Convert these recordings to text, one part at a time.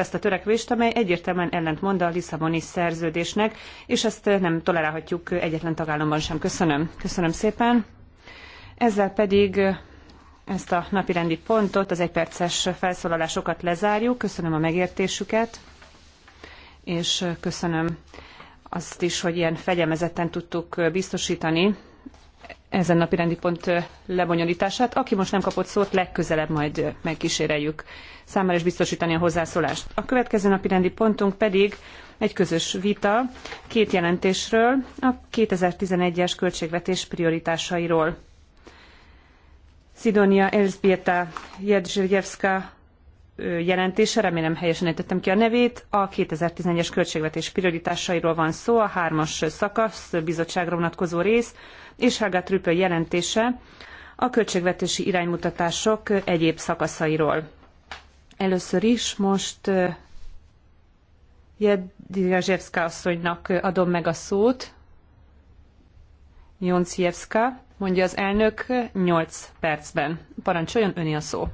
ezt a törekvést, amely egyértelműen ellentmond a Lisszaboni szerződésnek, és ezt eh, nem tolerálhatjuk egyetlen tagállamban sem. Köszönöm. Köszönöm szépen. Ezzel pedig eh, ezt a rendi pontot, az egyperces felszólalásokat lezárjuk. Köszönöm a megértésüket, és eh, köszönöm azt is, hogy ilyen fegyelmezetten tudtuk biztosítani ezen napi rendi pont lebonyolítását. Aki most nem kapott szót, legközelebb majd megkíséreljük számára is biztosítani a hozzászólást. A következő napi rendi pontunk pedig egy közös vita két jelentésről, a 2011-es költségvetés prioritásairól. Szidonia Elzbieta Jedzsirjevska jelentése, remélem helyesen ejtettem ki a nevét. A 2011-es költségvetés prioritásairól van szó, a hármas szakasz, bizottságra vonatkozó rész, és Helga Trüppel jelentése a költségvetési iránymutatások egyéb szakaszairól. Először is most Jedrzejewska asszonynak adom meg a szót. Jonciewska, mondja az elnök 8 percben. Parancsoljon öni a szó.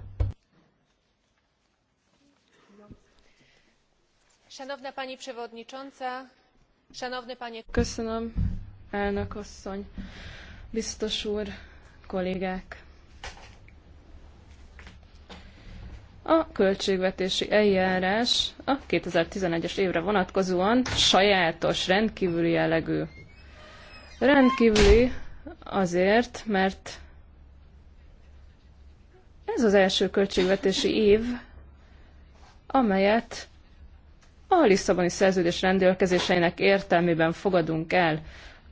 Szanowna pani przewodnicząca, szanowny panie... Köszönöm, elnök asszony biztos úr, kollégák! A költségvetési eljárás a 2011-es évre vonatkozóan sajátos, rendkívüli jellegű. Rendkívüli azért, mert ez az első költségvetési év, amelyet a Lisszaboni szerződés rendelkezéseinek értelmében fogadunk el.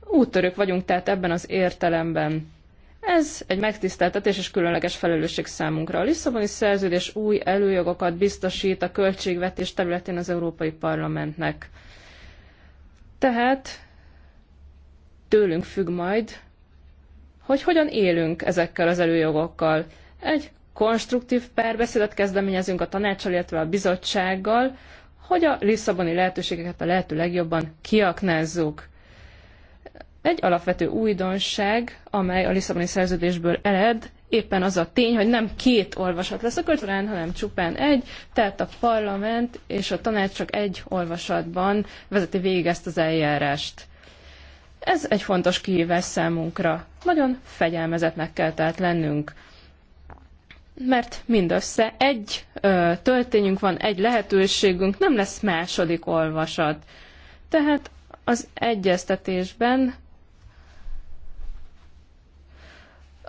Úttörők vagyunk tehát ebben az értelemben. Ez egy megtiszteltetés és különleges felelősség számunkra. A Lisszaboni szerződés új előjogokat biztosít a költségvetés területén az Európai Parlamentnek. Tehát tőlünk függ majd, hogy hogyan élünk ezekkel az előjogokkal. Egy konstruktív párbeszédet kezdeményezünk a tanácsal, illetve a bizottsággal, hogy a Lisszaboni lehetőségeket a lehető legjobban kiaknázzuk. Egy alapvető újdonság, amely a Lisszaboni szerződésből ered, éppen az a tény, hogy nem két olvasat lesz a kötvény, hanem csupán egy, tehát a parlament és a tanács csak egy olvasatban vezeti végig ezt az eljárást. Ez egy fontos kihívás számunkra. Nagyon fegyelmezetnek kell tehát lennünk mert mindössze egy ö, töltényünk van, egy lehetőségünk, nem lesz második olvasat. Tehát az egyeztetésben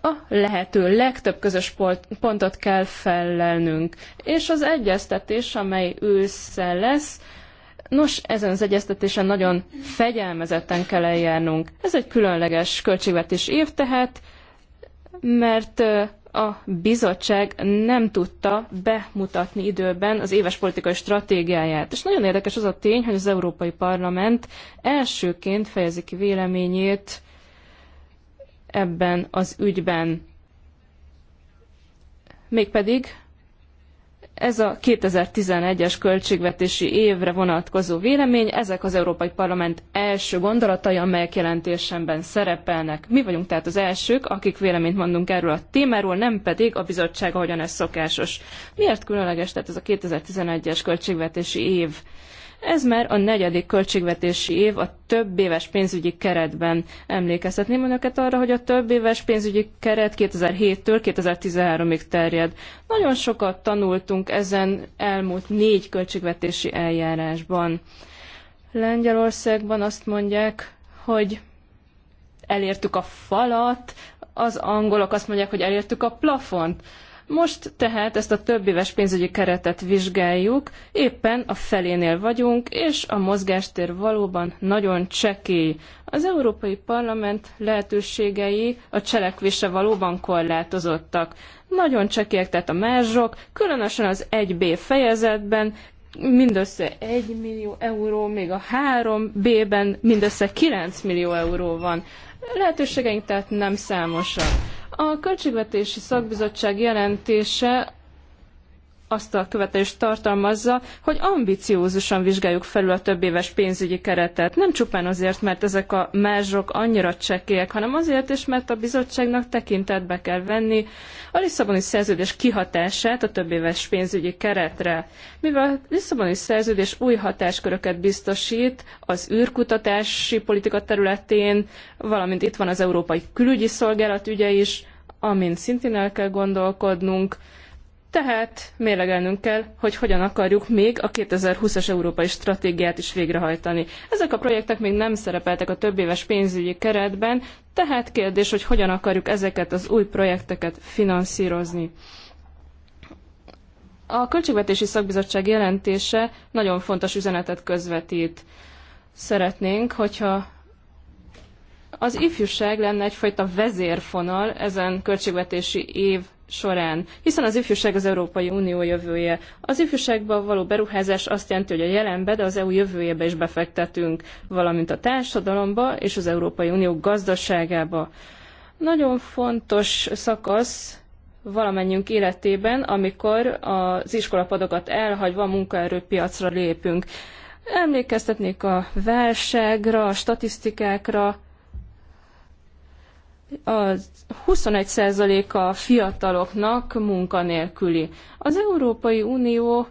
a lehető legtöbb közös pontot kell fellelnünk. És az egyeztetés, amely ősszel lesz, Nos, ezen az egyeztetésen nagyon fegyelmezetten kell eljárnunk. Ez egy különleges költségvetés év tehát, mert a bizottság nem tudta bemutatni időben az éves politikai stratégiáját. És nagyon érdekes az a tény, hogy az Európai Parlament elsőként fejezi ki véleményét ebben az ügyben. Mégpedig ez a 2011-es költségvetési évre vonatkozó vélemény, ezek az Európai Parlament első gondolatai, amelyek jelentésemben szerepelnek. Mi vagyunk tehát az elsők, akik véleményt mondunk erről a témáról, nem pedig a bizottság, ahogyan ez szokásos. Miért különleges tehát ez a 2011-es költségvetési év? Ez már a negyedik költségvetési év a több éves pénzügyi keretben. Emlékeztetném önöket arra, hogy a több éves pénzügyi keret 2007-től 2013-ig terjed. Nagyon sokat tanultunk ezen elmúlt négy költségvetési eljárásban. Lengyelországban azt mondják, hogy elértük a falat, az angolok azt mondják, hogy elértük a plafont. Most tehát ezt a több éves pénzügyi keretet vizsgáljuk, éppen a felénél vagyunk, és a mozgástér valóban nagyon csekély. Az Európai Parlament lehetőségei a cselekvése valóban korlátozottak. Nagyon csekélyek tehát a mázsok, különösen az 1B fejezetben, mindössze 1 millió euró, még a 3B-ben mindössze 9 millió euró van. Lehetőségeink tehát nem számosak. A Költségvetési Szakbizottság jelentése azt a követelést tartalmazza, hogy ambiciózusan vizsgáljuk felül a több éves pénzügyi keretet. Nem csupán azért, mert ezek a mázsok annyira csekélyek, hanem azért is, mert a bizottságnak tekintetbe kell venni a Lisszaboni szerződés kihatását a több éves pénzügyi keretre. Mivel a Lisszaboni szerződés új hatásköröket biztosít az űrkutatási politika területén, valamint itt van az Európai Külügyi Szolgálat ügye is, amin szintén el kell gondolkodnunk, tehát mérlegelnünk kell, hogy hogyan akarjuk még a 2020-as európai stratégiát is végrehajtani. Ezek a projektek még nem szerepeltek a többéves pénzügyi keretben, tehát kérdés, hogy hogyan akarjuk ezeket az új projekteket finanszírozni. A Költségvetési Szakbizottság jelentése nagyon fontos üzenetet közvetít. Szeretnénk, hogyha az ifjúság lenne egyfajta vezérfonal ezen költségvetési év során, hiszen az ifjúság az Európai Unió jövője. Az ifjúságban való beruházás azt jelenti, hogy a jelenbe, de az EU jövőjébe is befektetünk, valamint a társadalomba és az Európai Unió gazdaságába. Nagyon fontos szakasz valamennyünk életében, amikor az iskolapadokat elhagyva a munkaerőpiacra lépünk. Emlékeztetnék a válságra, a statisztikákra, a 21% a fiataloknak munkanélküli. Az Európai Unió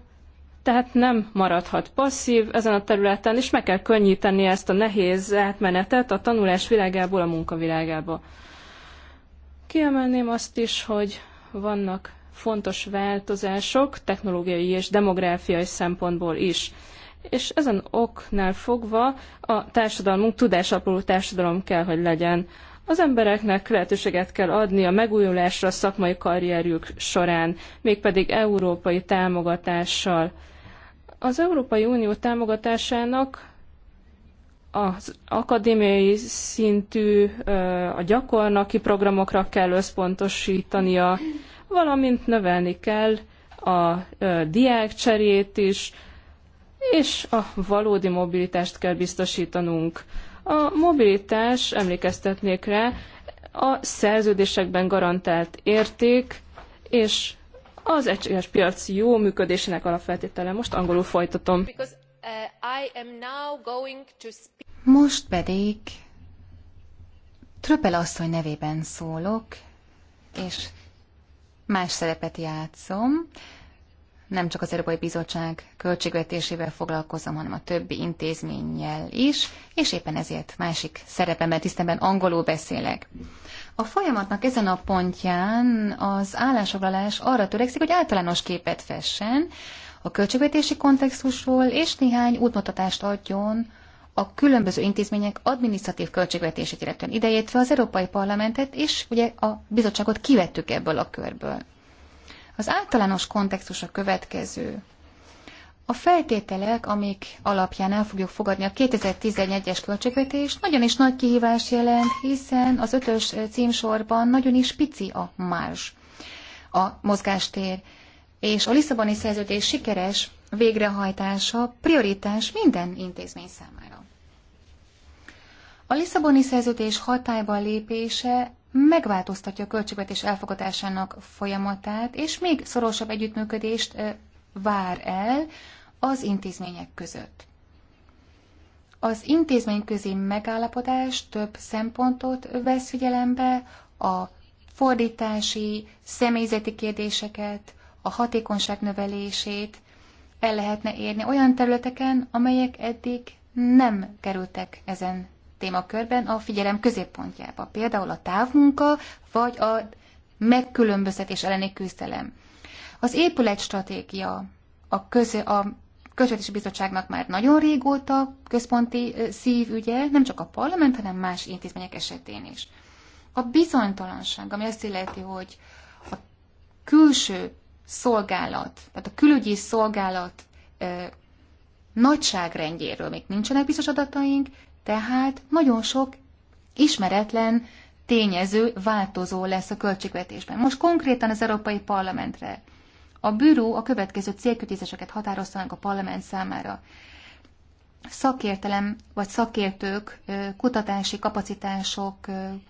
tehát nem maradhat passzív ezen a területen, és meg kell könnyíteni ezt a nehéz átmenetet a tanulás világából a munkavilágába. Kiemelném azt is, hogy vannak fontos változások technológiai és demográfiai szempontból is. És ezen oknál fogva a társadalmunk tudásapoló társadalom kell, hogy legyen. Az embereknek lehetőséget kell adni a megújulásra a szakmai karrierjük során, mégpedig európai támogatással. Az Európai Unió támogatásának az akadémiai szintű, a gyakornoki programokra kell összpontosítania, valamint növelni kell a diákcserét is, és a valódi mobilitást kell biztosítanunk. A mobilitás, emlékeztetnék rá, a szerződésekben garantált érték, és az egységes piac jó működésének alapfeltétele. Most angolul folytatom. Uh, Most pedig Tröpel asszony nevében szólok, és más szerepet játszom nem csak az Európai Bizottság költségvetésével foglalkozom, hanem a többi intézménnyel is, és éppen ezért másik szerepemben, tisztemben angolul beszélek. A folyamatnak ezen a pontján az állásoglalás arra törekszik, hogy általános képet fessen a költségvetési kontextusról, és néhány útmutatást adjon a különböző intézmények adminisztratív költségvetését illetően idejétve az Európai Parlamentet, és ugye a bizottságot kivettük ebből a körből. Az általános kontextus a következő. A feltételek, amik alapján el fogjuk fogadni a 2011-es költségvetést, nagyon is nagy kihívás jelent, hiszen az ötös címsorban nagyon is pici a más, a mozgástér, és a Lisszaboni szerződés sikeres végrehajtása prioritás minden intézmény számára. A Lisszaboni szerződés hatályba lépése megváltoztatja a költségvetés elfogadásának folyamatát, és még szorosabb együttműködést vár el az intézmények között. Az intézmény közé megállapodás több szempontot vesz figyelembe, a fordítási, személyzeti kérdéseket, a hatékonyság növelését el lehetne érni olyan területeken, amelyek eddig nem kerültek ezen témakörben a figyelem középpontjába, például a távmunka vagy a megkülönböztetés elleni küzdelem. Az épületstratégia a, közö, a Közvetési Bizottságnak már nagyon régóta központi szívügye, nem csak a parlament, hanem más intézmények esetén is. A bizonytalanság, ami azt illeti, hogy a külső szolgálat, tehát a külügyi szolgálat ö, nagyságrendjéről még nincsenek biztos adataink, tehát nagyon sok ismeretlen tényező változó lesz a költségvetésben. Most konkrétan az Európai Parlamentre. A bűró a következő célkütézéseket határozta meg a parlament számára. Szakértelem vagy szakértők, kutatási kapacitások,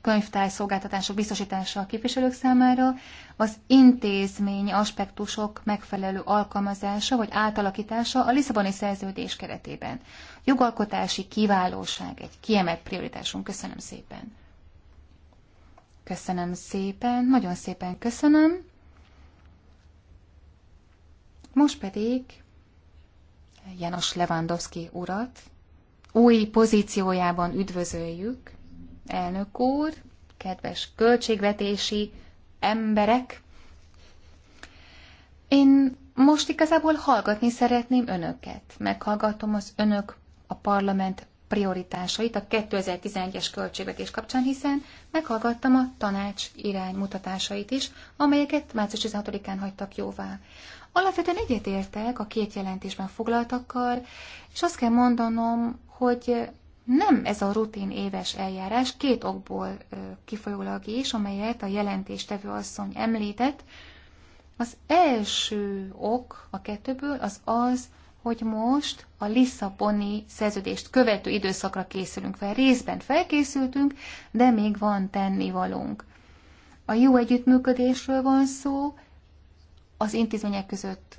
könyvtárszolgáltatások biztosítása a képviselők számára, az intézmény aspektusok megfelelő alkalmazása vagy átalakítása a Lisszaboni szerződés keretében jogalkotási kiválóság egy kiemelt prioritásunk. Köszönöm szépen. Köszönöm szépen, nagyon szépen köszönöm. Most pedig Janos Lewandowski urat új pozíciójában üdvözöljük. Elnök úr, kedves költségvetési emberek, én most igazából hallgatni szeretném önöket. Meghallgatom az önök a parlament prioritásait a 2011-es költségvetés kapcsán, hiszen meghallgattam a tanács iránymutatásait is, amelyeket március 16-án hagytak jóvá. Alapvetően egyetértek a két jelentésben foglaltakkal, és azt kell mondanom, hogy nem ez a rutin éves eljárás, két okból kifolyólag is, amelyet a jelentéstevő asszony említett. Az első ok a kettőből az az, hogy most a Lisszaboni szerződést követő időszakra készülünk fel. Részben felkészültünk, de még van tennivalónk. A jó együttműködésről van szó, az intézmények között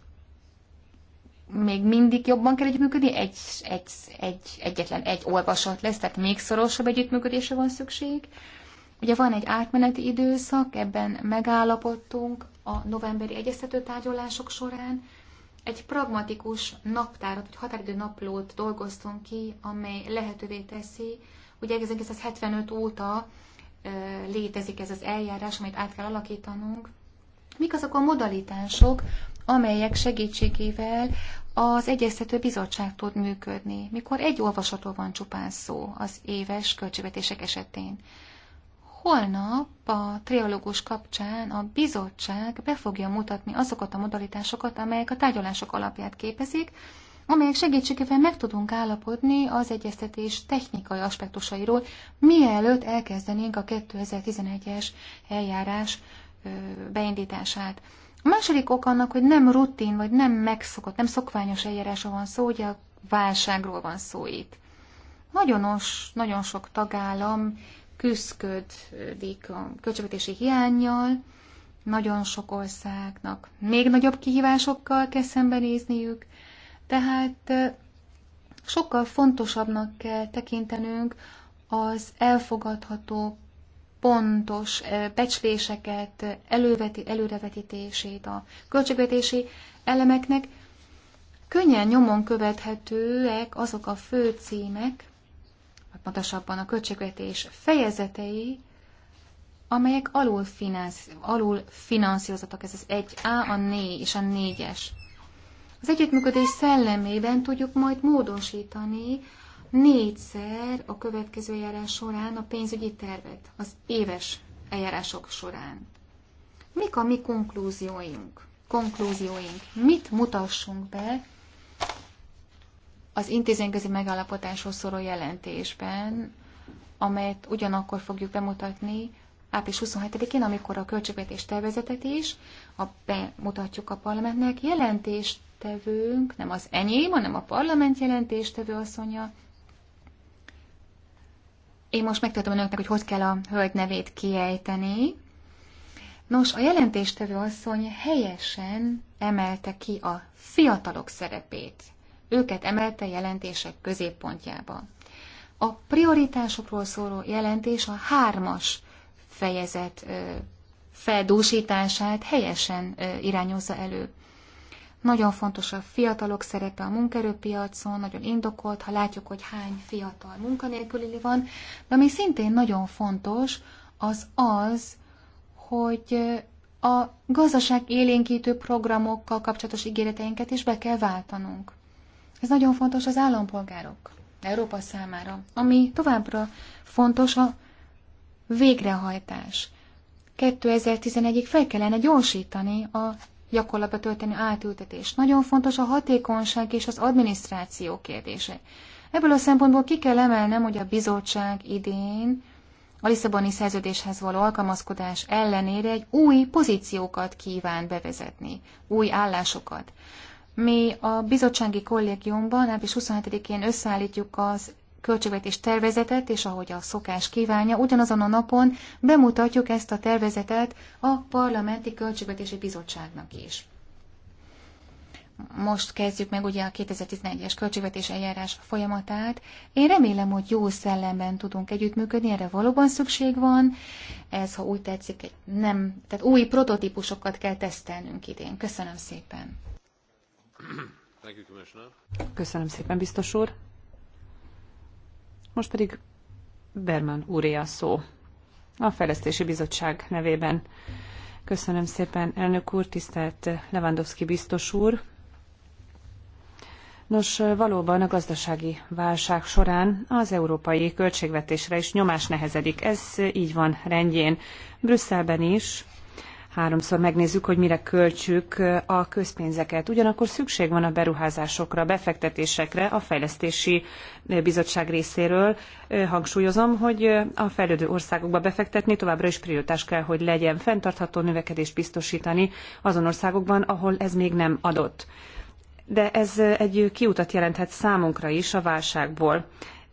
még mindig jobban kell együttműködni, egy, egy, egy, egyetlen egy olvasat lesz, tehát még szorosabb együttműködésre van szükség. Ugye van egy átmeneti időszak, ebben megállapodtunk a novemberi egyeztető tárgyalások során, egy pragmatikus naptárat, vagy határidő naplót dolgoztunk ki, amely lehetővé teszi, ugye 1975 óta létezik ez az eljárás, amit át kell alakítanunk. Mik azok a modalitások, amelyek segítségével az egyeztető bizottság tud működni, mikor egy olvasatról van csupán szó az éves költségvetések esetén. Holnap a trialógus kapcsán a bizottság be fogja mutatni azokat a modalitásokat, amelyek a tárgyalások alapját képezik, amelyek segítségével meg tudunk állapodni az egyeztetés technikai aspektusairól, mielőtt elkezdenénk a 2011-es eljárás beindítását. A második ok annak, hogy nem rutin, vagy nem megszokott, nem szokványos eljárásra van szó, ugye a válságról van szó itt. Nagyon, nagyon sok tagállam küzdködik a költségvetési hiányjal, nagyon sok országnak még nagyobb kihívásokkal kell szembenézniük, tehát sokkal fontosabbnak kell tekintenünk az elfogadható pontos becsléseket, előveti, előrevetítését a költségvetési elemeknek. Könnyen nyomon követhetőek azok a fő címek, pontosabban a költségvetés fejezetei, amelyek alul, finansz, alul finanszírozatok, ez az 1A, a 4 és a 4-es. Az együttműködés szellemében tudjuk majd módosítani négyszer a következő eljárás során a pénzügyi tervet, az éves eljárások során. Mik a mi konklúzióink? konklúzióink? Mit mutassunk be az intézményközi megállapotáshoz szóló jelentésben, amelyet ugyanakkor fogjuk bemutatni április 27-én, amikor a költségvetés tervezetet is a, bemutatjuk a parlamentnek. Jelentéstevőnk, nem az enyém, hanem a parlament jelentéstevő asszonya. Én most megtudom önöknek, hogy hogy kell a hölgy nevét kiejteni. Nos, a jelentéstevő asszony helyesen emelte ki a fiatalok szerepét őket emelte jelentések középpontjába. A prioritásokról szóló jelentés a hármas fejezet feldúsítását helyesen irányozza elő. Nagyon fontos a fiatalok szerepe a munkerőpiacon, nagyon indokolt, ha látjuk, hogy hány fiatal munkanélküli van, de ami szintén nagyon fontos, az az, hogy a gazdaság élénkítő programokkal kapcsolatos ígéreteinket is be kell váltanunk. Ez nagyon fontos az állampolgárok Európa számára. Ami továbbra fontos a végrehajtás. 2011-ig fel kellene gyorsítani a gyakorlatba tölteni átültetést. Nagyon fontos a hatékonyság és az adminisztráció kérdése. Ebből a szempontból ki kell emelnem, hogy a bizottság idén a Lisszaboni szerződéshez való alkalmazkodás ellenére egy új pozíciókat kíván bevezetni, új állásokat. Mi a bizottsági kollégiumban április 27-én összeállítjuk az költségvetés tervezetet, és ahogy a szokás kívánja, ugyanazon a napon bemutatjuk ezt a tervezetet a Parlamenti Költségvetési Bizottságnak is. Most kezdjük meg ugye a 2014 es költségvetés eljárás folyamatát. Én remélem, hogy jó szellemben tudunk együttműködni, erre valóban szükség van. Ez, ha úgy tetszik, egy nem, tehát új prototípusokat kell tesztelnünk idén. Köszönöm szépen! Köszönöm szépen, biztos úr. Most pedig Berman úré a szó. A Fejlesztési Bizottság nevében. Köszönöm szépen, elnök úr, tisztelt Lewandowski biztos úr. Nos, valóban a gazdasági válság során az európai költségvetésre is nyomás nehezedik. Ez így van rendjén. Brüsszelben is háromszor megnézzük, hogy mire költsük eh, a közpénzeket. Ugyanakkor szükség van a beruházásokra, befektetésekre a Fejlesztési eh, Bizottság részéről. Eh, hangsúlyozom, hogy a fejlődő országokba befektetni továbbra is prioritás kell, hogy legyen fenntartható növekedést biztosítani azon országokban, ahol ez még nem adott de ez egy kiutat jelenthet számunkra is a válságból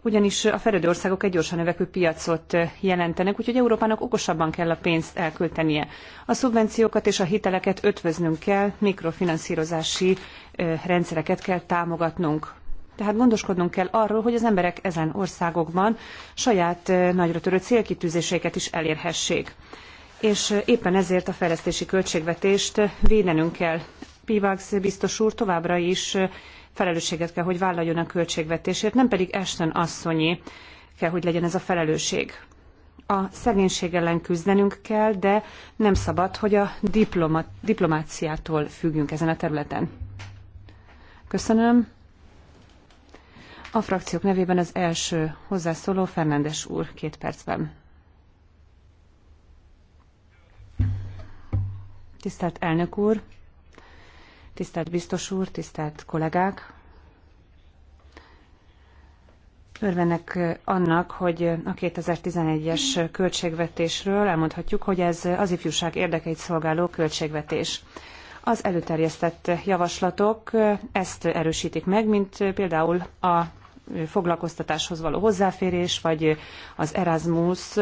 ugyanis a fejlődő országok egy gyorsan növekvő piacot eh, jelentenek, úgyhogy Európának okosabban kell a pénzt elköltenie. A szubvenciókat és a hiteleket ötvöznünk kell, mikrofinanszírozási eh, rendszereket kell támogatnunk. Tehát gondoskodnunk kell arról, hogy az emberek ezen országokban saját eh, nagyra törő célkitűzéseiket is elérhessék. És éppen ezért a fejlesztési költségvetést védenünk kell. Pivax biztos úr továbbra is felelősséget kell, hogy vállaljon a költségvetésért, nem pedig Ashton asszonyi kell, hogy legyen ez a felelősség. A szegénység ellen küzdenünk kell, de nem szabad, hogy a diploma, diplomáciától függjünk ezen a területen. Köszönöm. A frakciók nevében az első hozzászóló Fernándes úr két percben. Tisztelt elnök úr, tisztelt biztos úr, tisztelt kollégák! Örvennek annak, hogy a 2011-es költségvetésről elmondhatjuk, hogy ez az ifjúság érdekeit szolgáló költségvetés. Az előterjesztett javaslatok ezt erősítik meg, mint például a foglalkoztatáshoz való hozzáférés, vagy az Erasmus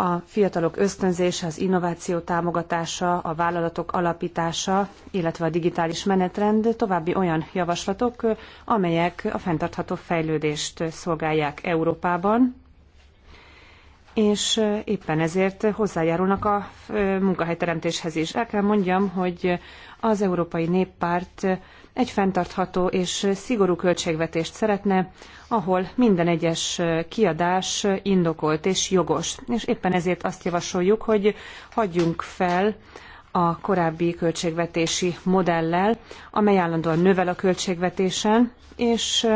a fiatalok ösztönzése, az innováció támogatása, a vállalatok alapítása, illetve a digitális menetrend további olyan javaslatok, amelyek a fenntartható fejlődést szolgálják Európában, és éppen ezért hozzájárulnak a munkahelyteremtéshez is. El kell mondjam, hogy az Európai Néppárt egy fenntartható és szigorú költségvetést szeretne, ahol minden egyes kiadás indokolt és jogos. És éppen ezért azt javasoljuk, hogy hagyjunk fel a korábbi költségvetési modellel, amely állandóan növel a költségvetésen, és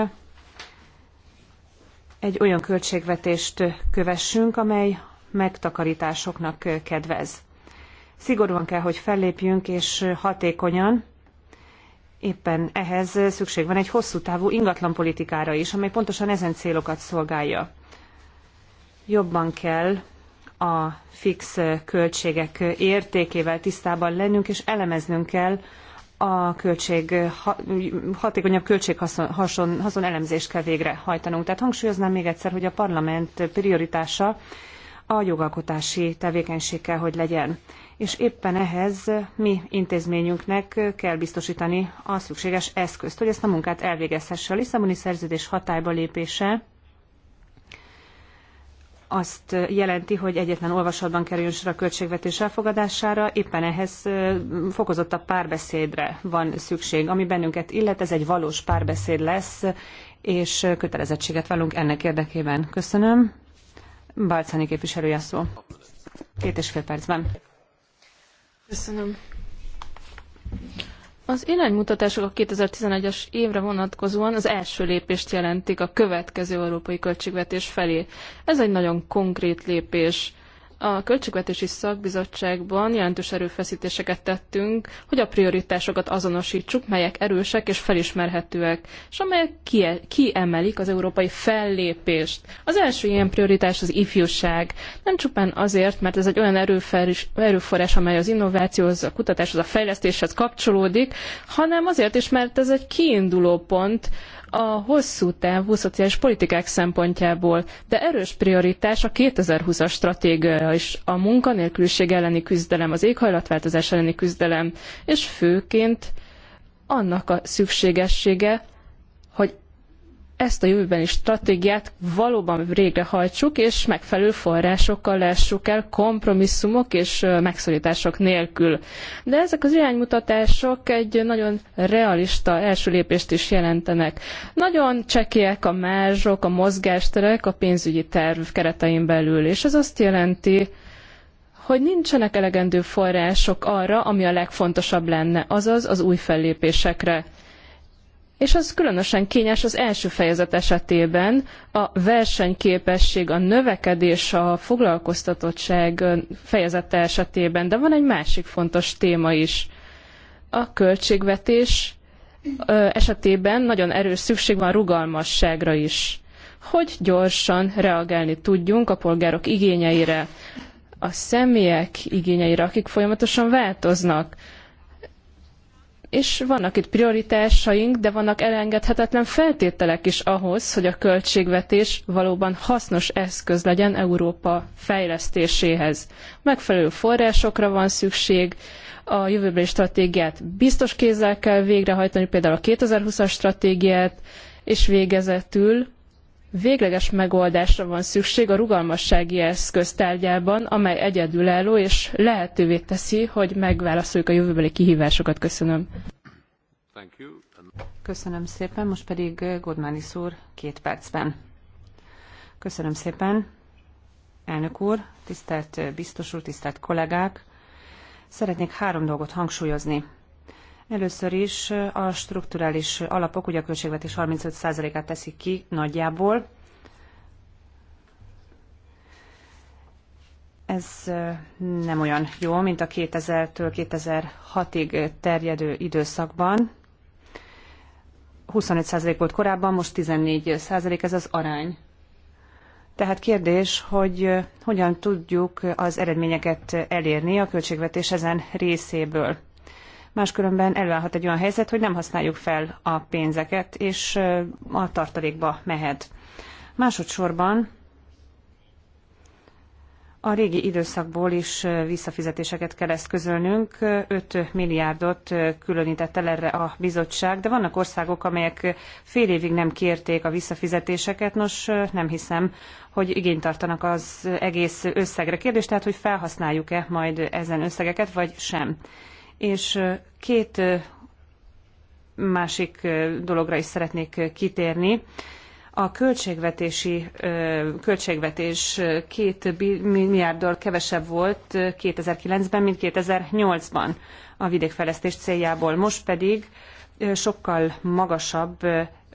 egy olyan költségvetést kövessünk, amely megtakarításoknak kedvez. Szigorúan kell, hogy fellépjünk, és hatékonyan, Éppen ehhez szükség van egy hosszú távú ingatlanpolitikára is, amely pontosan ezen célokat szolgálja. Jobban kell a fix költségek értékével tisztában lennünk, és elemeznünk kell a költség, hatékonyabb költséghaszon haszon elemzést kell végrehajtanunk. Tehát hangsúlyoznám még egyszer, hogy a parlament prioritása a jogalkotási tevékenység kell, hogy legyen és éppen ehhez mi intézményünknek kell biztosítani a szükséges eszközt, hogy ezt a munkát elvégezhesse. A Lisszaboni szerződés hatályba lépése azt jelenti, hogy egyetlen olvasatban kerüljön sor a költségvetés elfogadására, éppen ehhez fokozottabb párbeszédre van szükség, ami bennünket illet, ez egy valós párbeszéd lesz, és kötelezettséget válunk ennek érdekében. Köszönöm. Balcani képviselője szó. Két és fél percben. Köszönöm. Az iránymutatások a 2011-es évre vonatkozóan az első lépést jelentik a következő európai költségvetés felé. Ez egy nagyon konkrét lépés. A Költségvetési Szakbizottságban jelentős erőfeszítéseket tettünk, hogy a prioritásokat azonosítsuk, melyek erősek és felismerhetőek, és amelyek kiemelik az európai fellépést. Az első ilyen prioritás az ifjúság. Nem csupán azért, mert ez egy olyan erőforrás, amely az innovációhoz, a kutatáshoz, a fejlesztéshez kapcsolódik, hanem azért is, mert ez egy kiinduló pont a hosszú távú szociális politikák szempontjából, de erős prioritás a 2020-as stratégia is, a munkanélküliség elleni küzdelem, az éghajlatváltozás elleni küzdelem, és főként annak a szükségessége, hogy ezt a jövőbeni stratégiát valóban végrehajtsuk, és megfelelő forrásokkal lássuk el kompromisszumok és megszorítások nélkül. De ezek az iránymutatások egy nagyon realista első lépést is jelentenek. Nagyon csekélyek a mázsok, a mozgásterek a pénzügyi terv keretein belül, és ez azt jelenti, hogy nincsenek elegendő források arra, ami a legfontosabb lenne, azaz az új fellépésekre és az különösen kényes az első fejezet esetében a versenyképesség, a növekedés, a foglalkoztatottság fejezete esetében, de van egy másik fontos téma is. A költségvetés esetében nagyon erős szükség van rugalmasságra is, hogy gyorsan reagálni tudjunk a polgárok igényeire, a személyek igényeire, akik folyamatosan változnak és vannak itt prioritásaink, de vannak elengedhetetlen feltételek is ahhoz, hogy a költségvetés valóban hasznos eszköz legyen Európa fejlesztéséhez. Megfelelő forrásokra van szükség, a jövőbeli stratégiát biztos kézzel kell végrehajtani, például a 2020-as stratégiát, és végezetül Végleges megoldásra van szükség a rugalmassági eszköztárgyában, amely egyedülálló és lehetővé teszi, hogy megválaszoljuk a jövőbeli kihívásokat. Köszönöm. Köszönöm szépen, most pedig Godmanis úr két percben. Köszönöm szépen, elnök úr, tisztelt biztos úr, tisztelt kollégák. Szeretnék három dolgot hangsúlyozni. Először is a strukturális alapok, ugye a költségvetés 35%-át teszik ki nagyjából. Ez nem olyan jó, mint a 2000-től 2006-ig terjedő időszakban. 25% volt korábban, most 14% ez az arány. Tehát kérdés, hogy hogyan tudjuk az eredményeket elérni a költségvetés ezen részéből. Máskülönben előállhat egy olyan helyzet, hogy nem használjuk fel a pénzeket, és a tartalékba mehet. Másodszorban a régi időszakból is visszafizetéseket kell közölnünk. 5 milliárdot különített el erre a bizottság, de vannak országok, amelyek fél évig nem kérték a visszafizetéseket. Nos, nem hiszem, hogy igényt tartanak az egész összegre. Kérdés tehát, hogy felhasználjuk-e majd ezen összegeket, vagy sem. És két másik dologra is szeretnék kitérni. A költségvetési költségvetés két milliárddal kevesebb volt 2009-ben, mint 2008-ban a vidékfejlesztés céljából. Most pedig sokkal magasabb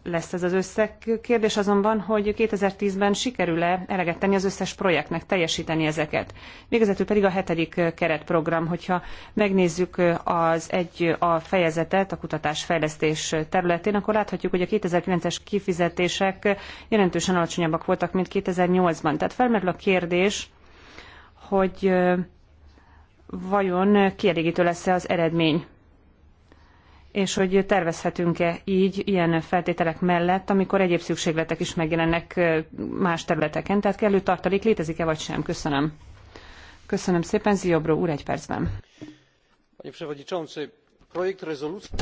lesz ez az összeg. Kérdés azonban, hogy 2010-ben sikerül-e eleget tenni az összes projektnek, teljesíteni ezeket. Végezetül pedig a hetedik keretprogram, hogyha megnézzük az egy a fejezetet a kutatásfejlesztés területén, akkor láthatjuk, hogy a 2009-es kifizetések jelentősen alacsonyabbak voltak, mint 2008-ban. Tehát felmerül a kérdés, hogy vajon kielégítő lesz-e az eredmény és hogy tervezhetünk-e így ilyen feltételek mellett, amikor egyéb szükségletek is megjelennek más területeken. Tehát kellő tartalék létezik-e vagy sem? Köszönöm. Köszönöm szépen, Ziobro úr, egy percben.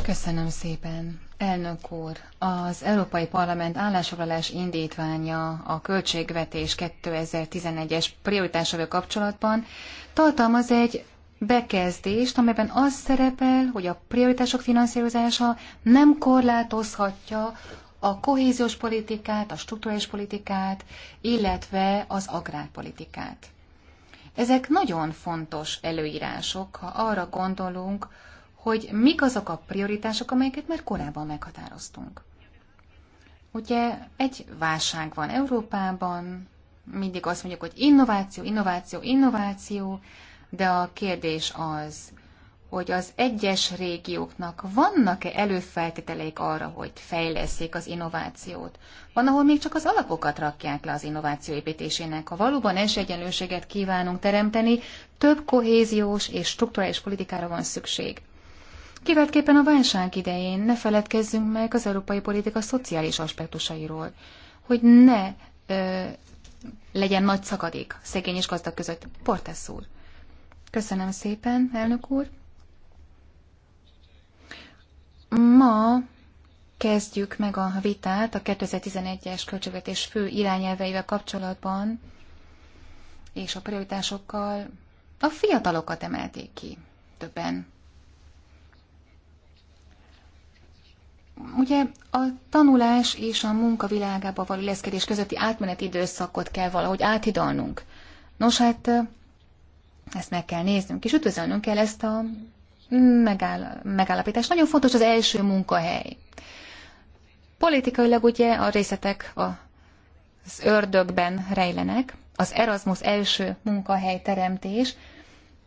Köszönöm szépen. Elnök úr, az Európai Parlament állásfoglalás indítványa a költségvetés 2011-es prioritásával kapcsolatban tartalmaz egy bekezdést, amelyben az szerepel, hogy a prioritások finanszírozása nem korlátozhatja a kohéziós politikát, a struktúrális politikát, illetve az agrárpolitikát. Ezek nagyon fontos előírások, ha arra gondolunk, hogy mik azok a prioritások, amelyeket már korábban meghatároztunk. Ugye egy válság van Európában, mindig azt mondjuk, hogy innováció, innováció, innováció, de a kérdés az, hogy az egyes régióknak vannak-e előfeltételeik arra, hogy fejleszik az innovációt? Van, ahol még csak az alapokat rakják le az innováció építésének. Ha valóban esélyegyenlőséget kívánunk teremteni, több kohéziós és strukturális politikára van szükség. Kiváltképpen a válság idején ne feledkezzünk meg az európai politika szociális aspektusairól, hogy ne ö, legyen nagy szakadék szegény és gazdag között. Portes úr. Köszönöm szépen, elnök úr. Ma kezdjük meg a vitát a 2011-es költségvetés fő irányelveivel kapcsolatban, és a prioritásokkal a fiatalokat emelték ki többen. Ugye a tanulás és a munka világába való illeszkedés közötti átmeneti időszakot kell valahogy áthidalnunk. Nos, hát ezt meg kell néznünk, és üdvözölnünk kell ezt a megáll- megállapítást. Nagyon fontos az első munkahely. Politikailag ugye a részletek az ördögben rejlenek, az Erasmus első munkahely teremtés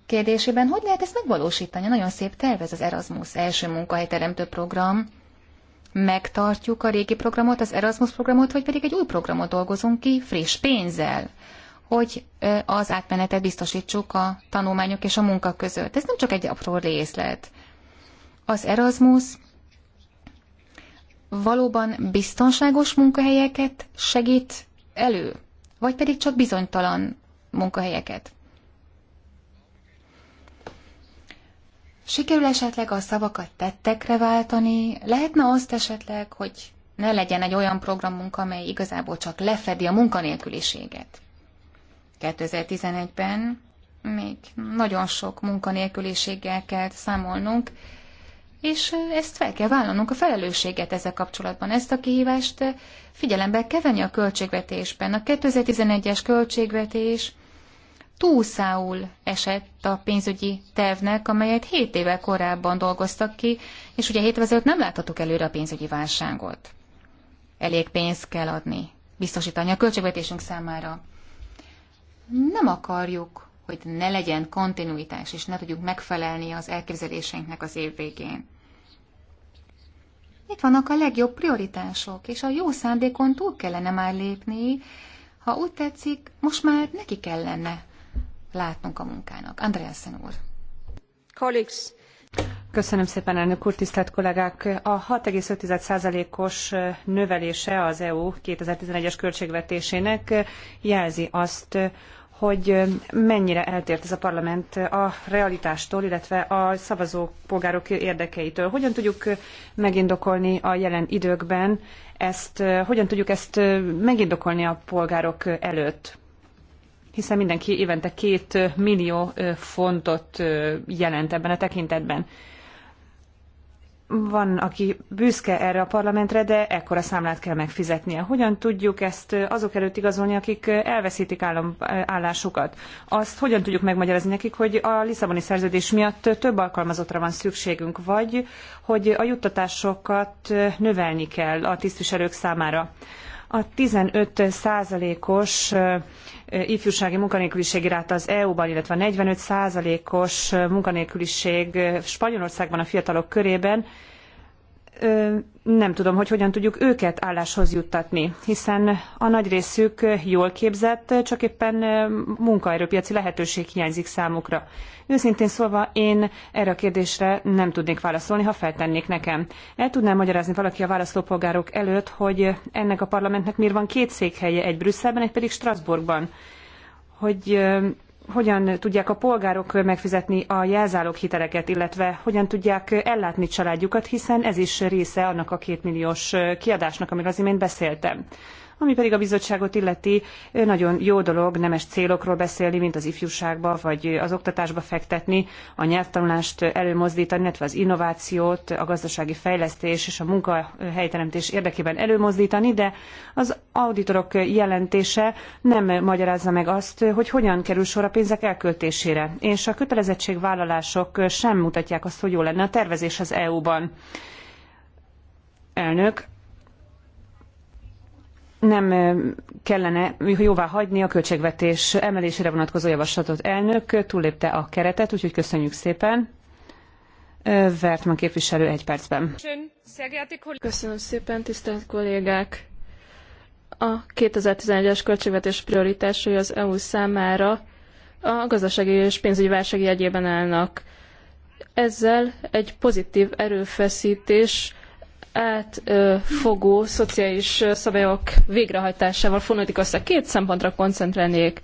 kérdésében hogy lehet ezt megvalósítani? Nagyon szép tervez az Erasmus első munkahely teremtő program. Megtartjuk a régi programot, az Erasmus programot, vagy pedig egy új programot dolgozunk ki friss pénzzel hogy az átmenetet biztosítsuk a tanulmányok és a munka között. Ez nem csak egy apró részlet. Az Erasmus valóban biztonságos munkahelyeket segít elő, vagy pedig csak bizonytalan munkahelyeket. Sikerül esetleg a szavakat tettekre váltani? Lehetne azt esetleg, hogy ne legyen egy olyan programunk, amely igazából csak lefedi a munkanélküliséget? 2011-ben még nagyon sok munkanélküliséggel kell számolnunk, és ezt fel kell vállalnunk a felelősséget ezzel kapcsolatban. Ezt a kihívást figyelembe kell venni a költségvetésben. A 2011-es költségvetés túlszául esett a pénzügyi tervnek, amelyet 7 évvel korábban dolgoztak ki, és ugye 7 évvel ezelőtt nem láthatok előre a pénzügyi válságot. Elég pénzt kell adni, biztosítani a költségvetésünk számára nem akarjuk, hogy ne legyen kontinuitás, és ne tudjuk megfelelni az elképzeléseinknek az év végén. Itt vannak a legjobb prioritások, és a jó szándékon túl kellene már lépni, ha úgy tetszik, most már neki kellene látnunk a munkának. Andreasen úr. Colleagues. Köszönöm szépen, elnök úr, tisztelt kollégák! A 6,5%-os növelése az EU 2011-es költségvetésének jelzi azt, hogy mennyire eltért ez a parlament a realitástól, illetve a szavazó polgárok érdekeitől. Hogyan tudjuk megindokolni a jelen időkben ezt, hogyan tudjuk ezt megindokolni a polgárok előtt? Hiszen mindenki évente két millió fontot jelent ebben a tekintetben van, aki büszke erre a parlamentre, de ekkora számlát kell megfizetnie. Hogyan tudjuk ezt azok előtt igazolni, akik elveszítik állam, állásukat? Azt hogyan tudjuk megmagyarázni nekik, hogy a Lisszaboni szerződés miatt több alkalmazottra van szükségünk, vagy hogy a juttatásokat növelni kell a tisztviselők számára? A 15 százalékos ifjúsági munkanélküliség iráta az EU-ban, illetve a 45 százalékos munkanélküliség Spanyolországban a fiatalok körében nem tudom, hogy hogyan tudjuk őket álláshoz juttatni, hiszen a nagy részük jól képzett, csak éppen munkaerőpiaci lehetőség hiányzik számukra. Őszintén szólva, én erre a kérdésre nem tudnék válaszolni, ha feltennék nekem. El tudnám magyarázni valaki a választópolgárok előtt, hogy ennek a parlamentnek miért van két székhelye, egy Brüsszelben, egy pedig Strasbourgban. Hogy hogyan tudják a polgárok megfizetni a jelzálók illetve hogyan tudják ellátni családjukat, hiszen ez is része annak a kétmilliós kiadásnak, amiről az imént beszéltem. Ami pedig a bizottságot illeti, nagyon jó dolog nemes célokról beszélni, mint az ifjúságba vagy az oktatásba fektetni, a nyelvtanulást előmozdítani, illetve az innovációt, a gazdasági fejlesztés és a munkahelyteremtés érdekében előmozdítani, de az auditorok jelentése nem magyarázza meg azt, hogy hogyan kerül sor a pénzek elköltésére, és a kötelezettségvállalások sem mutatják azt, hogy jó lenne a tervezés az EU-ban. Elnök, nem kellene jóvá hagyni a költségvetés emelésére vonatkozó javaslatot. Elnök túllépte a keretet, úgyhogy köszönjük szépen. Vertman képviselő egy percben. Köszönöm szépen, tisztelt kollégák! A 2011-es költségvetés prioritásai az EU számára a gazdasági és pénzügyi válság jegyében állnak. Ezzel egy pozitív erőfeszítés átfogó szociális szabályok végrehajtásával fonódik össze. Két szempontra koncentrálnék.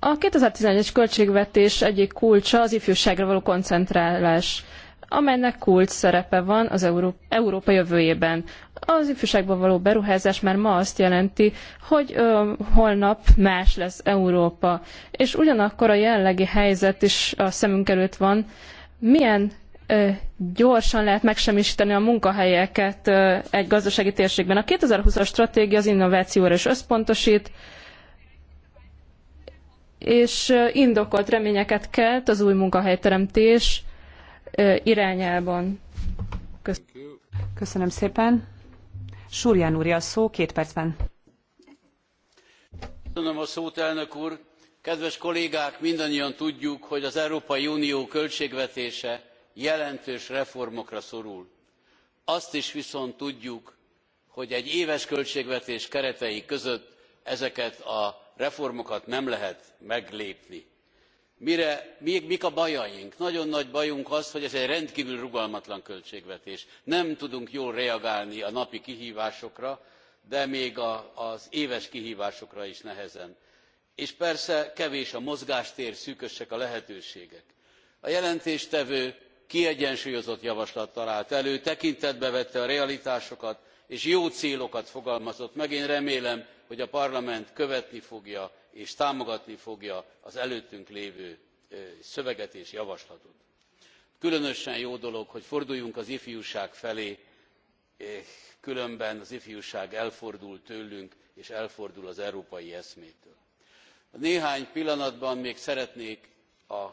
A 2011-es költségvetés egyik kulcsa az ifjúságra való koncentrálás, amelynek kulcs szerepe van az Euró- Európa jövőjében. Az ifjúságban való beruházás már ma azt jelenti, hogy ö, holnap más lesz Európa. És ugyanakkor a jelenlegi helyzet is a szemünk előtt van, milyen gyorsan lehet megsemmisíteni a munkahelyeket egy gazdasági térségben. A 2020-as stratégia az innovációra is összpontosít, és indokolt reményeket kelt az új munkahelyteremtés irányában. Köszönöm, Köszönöm szépen. Súrján úr, a szó két percben. Köszönöm a szót, elnök úr. Kedves kollégák, mindannyian tudjuk, hogy az Európai Unió költségvetése jelentős reformokra szorul. azt is viszont tudjuk hogy egy éves költségvetés keretei között ezeket a reformokat nem lehet meglépni. Mire, mik a bajaink? nagyon nagy bajunk az hogy ez egy rendkvül rugalmatlan költségvetés. nem tudunk jól reagálni a napi kihvásokra de még a, az éves kihvásokra is nehezen és persze kevés a mozgástér szűkösek a lehetőségek. a jelentéstevő kiegyensúlyozott javaslattal állt elő tekintetbe vette a realitásokat és jó célokat fogalmazott meg én remélem hogy a parlament követni fogja és támogatni fogja az előttünk lévő szöveget és javaslatot. különösen jó dolog hogy forduljunk az ifjúság felé különben az ifjúság elfordul tőlünk és elfordul az európai eszmétől. néhány pillanatban még szeretnék a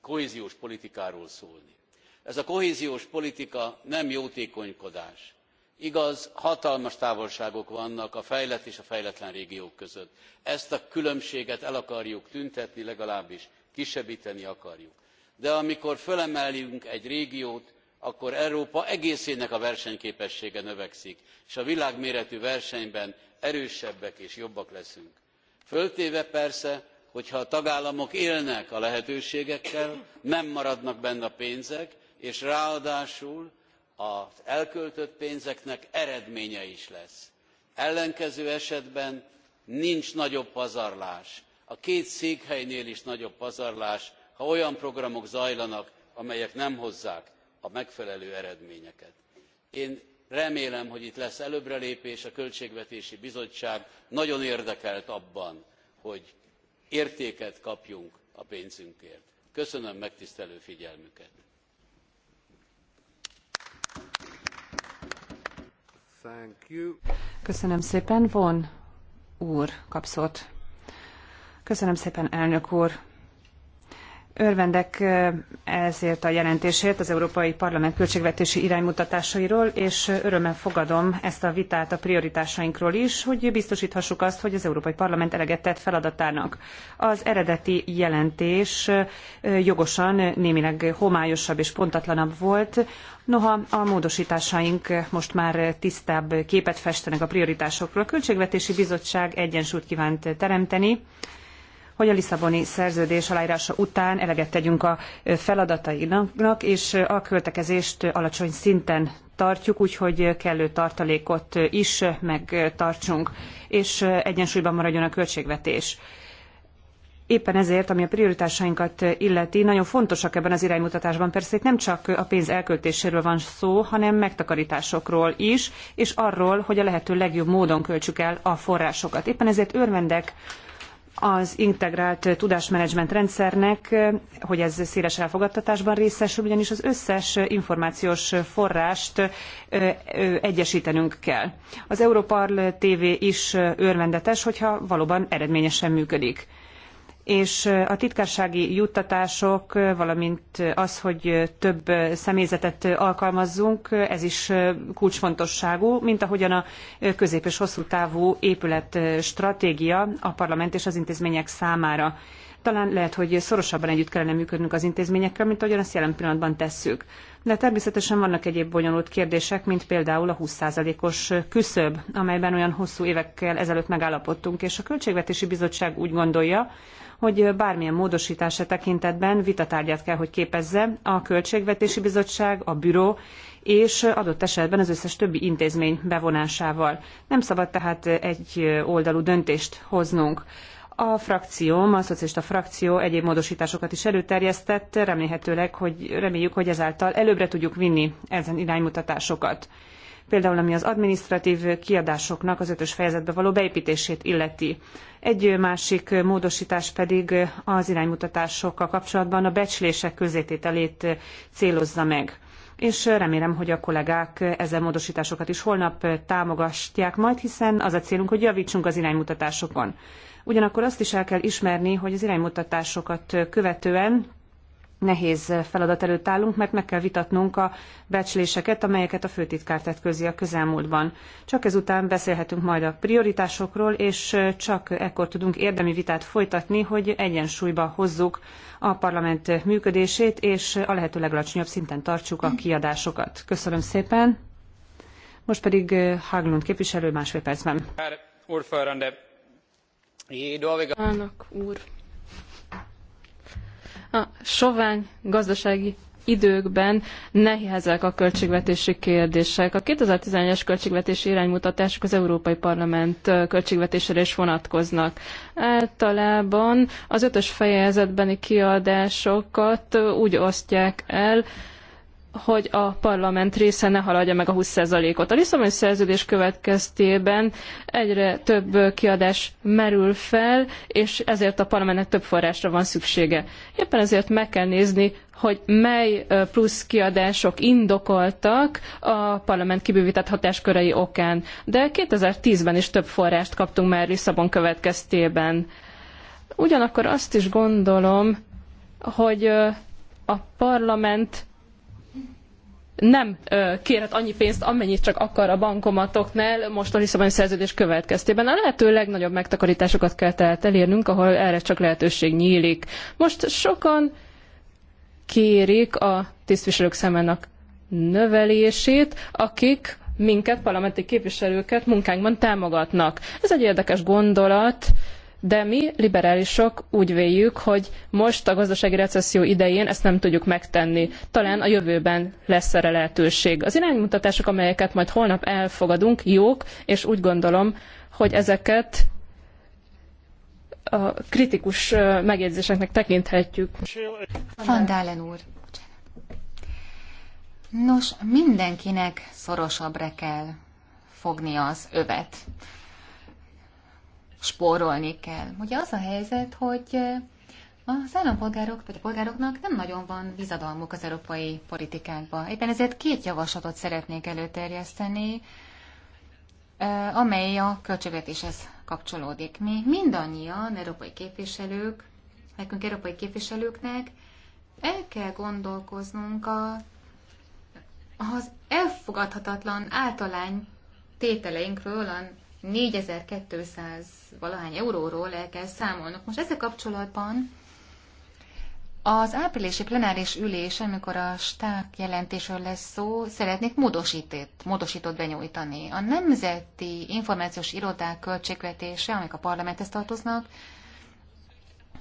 kohéziós politikáról szólni ez a kohéziós politika nem jótékonykodás. igaz hatalmas távolságok vannak a fejlett és a fejletlen régiók között ezt a különbséget el akarjuk tüntetni legalábbis kisebbteni akarjuk de amikor fölemelünk egy régiót akkor európa egészének a versenyképessége növekszik és a világméretű versenyben erősebbek és jobbak leszünk föltéve persze hogy ha a tagállamok élnek a lehetőségekkel nem maradnak benne pénzek és ráadásul az elköltött pénzeknek eredménye is lesz. ellenkező esetben nincs nagyobb pazarlás a két székhelynél is nagyobb pazarlás ha olyan programok zajlanak amelyek nem hozzák a megfelelő eredményeket. én remélem hogy itt lesz előrelépés a költségvetési bizottság nagyon érdekelt abban hogy értéket kapjunk a pénzünkért. köszönöm megtisztelő figyelmüket. Köszönöm szépen. Von úr kapszott. Köszönöm szépen, elnök úr. Örvendek ezért a jelentésért az Európai Parlament költségvetési iránymutatásairól, és örömmel fogadom ezt a vitát a prioritásainkról is, hogy biztosíthassuk azt, hogy az Európai Parlament eleget tett feladatának. Az eredeti jelentés jogosan némileg homályosabb és pontatlanabb volt, Noha a módosításaink most már tisztább képet festenek a prioritásokról. A Költségvetési Bizottság egyensúlyt kívánt teremteni hogy a Lisszaboni szerződés aláírása után eleget tegyünk a feladatainak, és a költekezést alacsony szinten tartjuk, úgyhogy kellő tartalékot is megtartsunk, és egyensúlyban maradjon a költségvetés. Éppen ezért, ami a prioritásainkat illeti, nagyon fontosak ebben az iránymutatásban. Persze itt nem csak a pénz elköltéséről van szó, hanem megtakarításokról is, és arról, hogy a lehető legjobb módon költsük el a forrásokat. Éppen ezért örvendek az integrált tudásmenedzsment rendszernek, hogy ez széles elfogadtatásban részesül, ugyanis az összes információs forrást egyesítenünk kell. Az Európarl TV is örvendetes, hogyha valóban eredményesen működik és a titkársági juttatások, valamint az, hogy több személyzetet alkalmazzunk, ez is kulcsfontosságú, mint ahogyan a közép- és hosszú távú épületstratégia a parlament és az intézmények számára. Talán lehet, hogy szorosabban együtt kellene működnünk az intézményekkel, mint ahogyan ezt jelen pillanatban tesszük. De természetesen vannak egyéb bonyolult kérdések, mint például a 20%-os küszöb, amelyben olyan hosszú évekkel ezelőtt megállapodtunk, és a Költségvetési Bizottság úgy gondolja, hogy bármilyen módosítása tekintetben vitatárgyát kell, hogy képezze a Költségvetési Bizottság, a Büró és adott esetben az összes többi intézmény bevonásával. Nem szabad tehát egy oldalú döntést hoznunk. A frakcióm, a szocialista frakció egyéb módosításokat is előterjesztett, remélhetőleg, hogy reméljük, hogy ezáltal előbbre tudjuk vinni ezen iránymutatásokat például ami az administratív kiadásoknak az ötös fejezetbe való beépítését illeti. Egy másik módosítás pedig az iránymutatásokkal kapcsolatban a becslések közzétételét célozza meg és remélem, hogy a kollégák ezen módosításokat is holnap támogatják majd, hiszen az a célunk, hogy javítsunk az iránymutatásokon. Ugyanakkor azt is el kell ismerni, hogy az iránymutatásokat követően nehéz feladat előtt állunk, mert meg kell vitatnunk a becsléseket, amelyeket a főtitkár tett közé a közelmúltban. Csak ezután beszélhetünk majd a prioritásokról, és csak ekkor tudunk érdemi vitát folytatni, hogy egyensúlyba hozzuk a parlament működését, és a lehető legalacsonyabb szinten tartsuk a kiadásokat. Köszönöm szépen. Most pedig eh, Haglund képviselő másfél percben. Elnök úr, a sovány gazdasági időkben nehézek a költségvetési kérdések. A 2011-es költségvetési iránymutatások az Európai Parlament költségvetésére is vonatkoznak. Általában az ötös fejezetbeni kiadásokat úgy osztják el, hogy a parlament része ne haladja meg a 20%-ot. A Lisszaboni szerződés következtében egyre több kiadás merül fel, és ezért a parlamentnek több forrásra van szüksége. Éppen ezért meg kell nézni, hogy mely plusz kiadások indokoltak a parlament kibővített hatáskörei okán. De 2010-ben is több forrást kaptunk már Lisszabon következtében. Ugyanakkor azt is gondolom, hogy a parlament nem kérhet annyi pénzt, amennyit csak akar a bankomatoknál most a Lisszaboni szerződés következtében. A lehető legnagyobb megtakarításokat kell tehát elérnünk, ahol erre csak lehetőség nyílik. Most sokan kérik a tisztviselők szemének növelését, akik minket, parlamenti képviselőket munkánkban támogatnak. Ez egy érdekes gondolat, de mi liberálisok úgy véljük, hogy most a gazdasági recesszió idején ezt nem tudjuk megtenni. Talán a jövőben lesz erre lehetőség. Az iránymutatások, amelyeket majd holnap elfogadunk, jók, és úgy gondolom, hogy ezeket a kritikus megjegyzéseknek tekinthetjük. Fandálen úr. Nos, mindenkinek szorosabbra kell fogni az övet spórolni kell. Ugye az a helyzet, hogy eh, az állampolgárok, vagy a polgároknak nem nagyon van bizadalmuk az európai politikákba. Éppen ezért két javaslatot szeretnék előterjeszteni, eh, amely a költségvetéshez kapcsolódik. Mi mindannyian európai képviselők, nekünk európai képviselőknek el kell gondolkoznunk a, az elfogadhatatlan általány tételeinkről, a 4200 valahány euróról el kell számolnunk. Most ezzel kapcsolatban az áprilisi plenáris ülésen, amikor a stárk jelentésről lesz szó, szeretnék módosítét, módosított benyújtani. A Nemzeti Információs Irodák költségvetése, amik a parlamenthez tartoznak,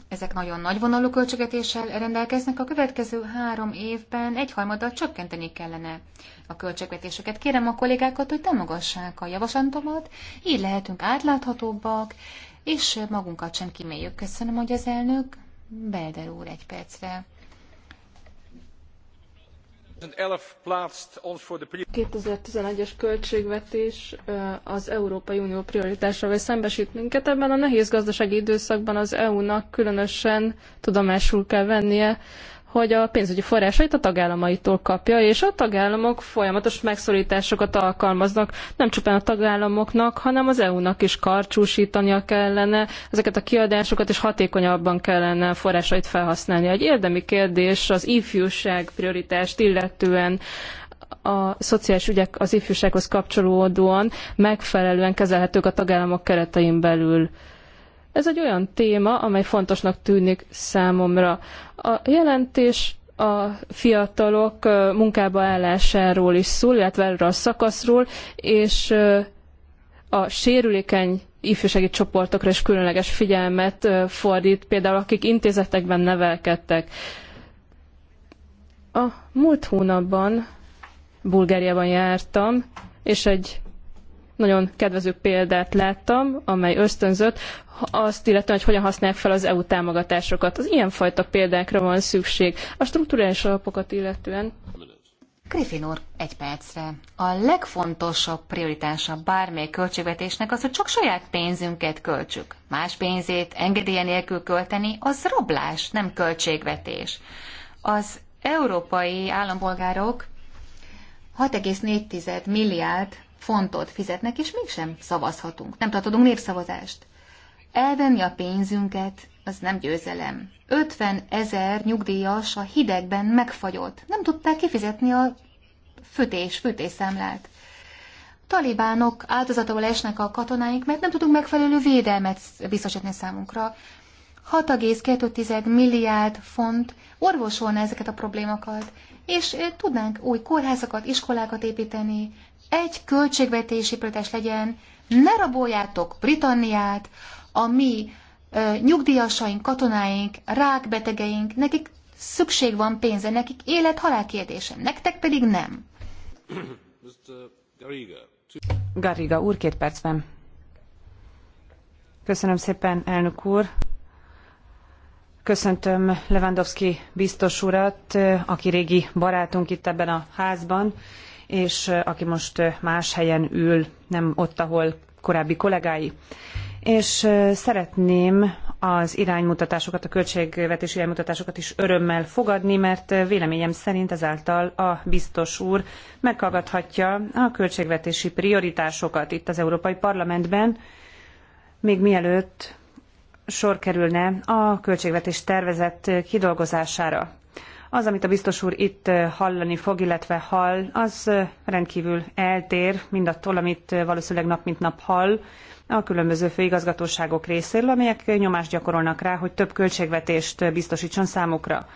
ezek nagyon nagy vonalú költségvetéssel rendelkeznek, a következő három évben egyharmaddal csökkenteni kellene a költségvetéseket. Kérem a kollégákat, hogy támogassák a javaslatomat, így lehetünk átláthatóbbak, és magunkat sem kíméljük. Köszönöm, hogy az elnök. Belder úr egy percre. 2011-es költségvetés az Európai Unió prioritásával szembesít minket. Ebben a nehéz gazdasági időszakban az EU-nak különösen tudomásul kell vennie, hogy a pénzügyi forrásait a tagállamaitól kapja, és a tagállamok folyamatos megszorításokat alkalmaznak, nem csupán a tagállamoknak, hanem az EU-nak is karcsúsítania kellene ezeket a kiadásokat, és hatékonyabban kellene forrásait felhasználni. Egy érdemi kérdés az ifjúság prioritást illetően a szociális ügyek az ifjúsághoz kapcsolódóan megfelelően kezelhetők a tagállamok keretein belül. Ez egy olyan téma, amely fontosnak tűnik számomra. A jelentés a fiatalok munkába állásáról is szól, illetve erről a szakaszról, és a sérülékeny ifjúsági csoportokra is különleges figyelmet fordít, például akik intézetekben nevelkedtek. A múlt hónapban Bulgáriában jártam, és egy nagyon kedvező példát láttam, amely ösztönzött azt illetően, hogy hogyan használják fel az EU támogatásokat. Az ilyenfajta példákra van szükség. A strukturális alapokat illetően Griffin úr, egy percre. A legfontosabb prioritása bármely költségvetésnek az, hogy csak saját pénzünket költsük. Más pénzét engedélye nélkül költeni, az rablás, nem költségvetés. Az európai állampolgárok 6,4 milliárd fontot fizetnek, és mégsem szavazhatunk. Nem tartodunk népszavazást. Elvenni a pénzünket, az nem győzelem. 50 ezer nyugdíjas a hidegben megfagyott. Nem tudták kifizetni a fütés, fütésszámlát. Talibánok áldozatával esnek a katonáink, mert nem tudunk megfelelő védelmet biztosítani számunkra. 6,2 milliárd font orvosolna ezeket a problémakat, és eh, tudnánk új kórházakat, iskolákat építeni, egy költségvetési prioritás legyen, ne raboljátok Britanniát, a mi ö, nyugdíjasaink, katonáink, rákbetegeink, nekik szükség van pénze, nekik élet-halál kérdése, nektek pedig nem. Garriga úr, két percben. Köszönöm szépen, elnök úr. Köszöntöm Lewandowski biztos urat, aki régi barátunk itt ebben a házban, és aki most más helyen ül, nem ott, ahol korábbi kollégái. És szeretném az iránymutatásokat, a költségvetési iránymutatásokat is örömmel fogadni, mert véleményem szerint ezáltal a biztos úr meghallgathatja a költségvetési prioritásokat itt az Európai Parlamentben, még mielőtt sor kerülne a költségvetés tervezet kidolgozására. Az, amit a biztos úr itt hallani fog, illetve hall, az rendkívül eltér mindattól, amit valószínűleg nap mint nap hall a különböző főigazgatóságok részéről, amelyek nyomást gyakorolnak rá, hogy több költségvetést biztosítson számukra.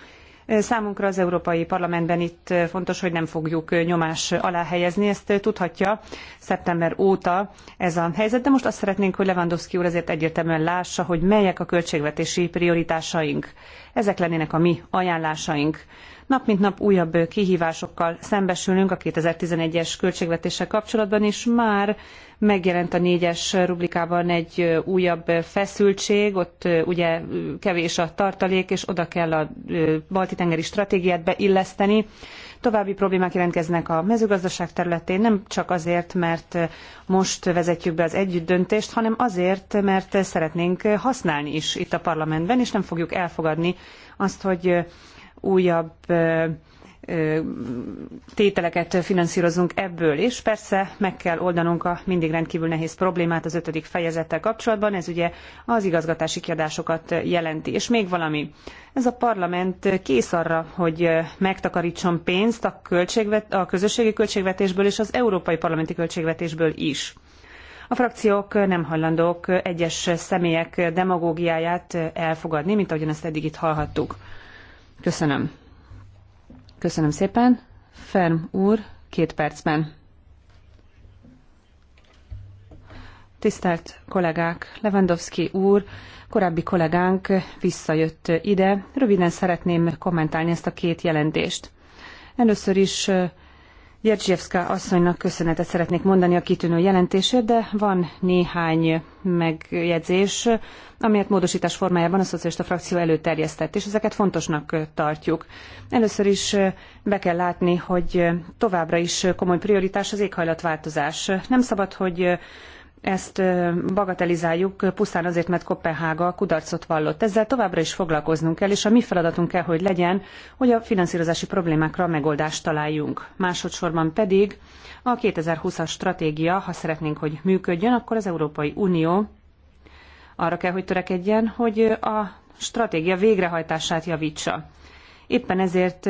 Számunkra az Európai Parlamentben itt fontos, hogy nem fogjuk nyomás alá helyezni, ezt tudhatja szeptember óta ez a helyzet, de most azt szeretnénk, hogy Lewandowski úr ezért egyértelműen lássa, hogy melyek a költségvetési prioritásaink. Ezek lennének a mi ajánlásaink. Nap mint nap újabb kihívásokkal szembesülünk a 2011-es költségvetéssel kapcsolatban, és már megjelent a négyes rubrikában egy újabb feszültség, ott ugye kevés a tartalék, és oda kell a balti-tengeri stratégiát beilleszteni. További problémák jelentkeznek a mezőgazdaság területén, nem csak azért, mert most vezetjük be az együttdöntést, hanem azért, mert szeretnénk használni is itt a parlamentben, és nem fogjuk elfogadni azt, hogy újabb tételeket finanszírozunk ebből, és persze meg kell oldanunk a mindig rendkívül nehéz problémát az ötödik fejezettel kapcsolatban, ez ugye az igazgatási kiadásokat jelenti. És még valami, ez a parlament kész arra, hogy megtakarítson pénzt a, költségvet, a közösségi költségvetésből és az európai parlamenti költségvetésből is. A frakciók nem hajlandók egyes személyek demagógiáját elfogadni, mint ahogyan ezt eddig itt hallhattuk. Köszönöm. Köszönöm szépen. Ferm úr, két percben. Tisztelt kollégák, Lewandowski úr, korábbi kollégánk visszajött ide. Röviden szeretném kommentálni ezt a két jelentést. Először is Jerzsievszka asszonynak köszönetet szeretnék mondani a kitűnő jelentésért, de van néhány megjegyzés, amelyet módosítás formájában a szocialista frakció előterjesztett, és ezeket fontosnak tartjuk. Először is be kell látni, hogy továbbra is komoly prioritás az éghajlatváltozás. Nem szabad, hogy ezt bagatelizáljuk pusztán azért, mert Kopenhága kudarcot vallott. Ezzel továbbra is foglalkoznunk kell, és a mi feladatunk kell, hogy legyen, hogy a finanszírozási problémákra megoldást találjunk. Másodszorban pedig a 2020-as stratégia, ha szeretnénk, hogy működjön, akkor az Európai Unió arra kell, hogy törekedjen, hogy a stratégia végrehajtását javítsa. Éppen ezért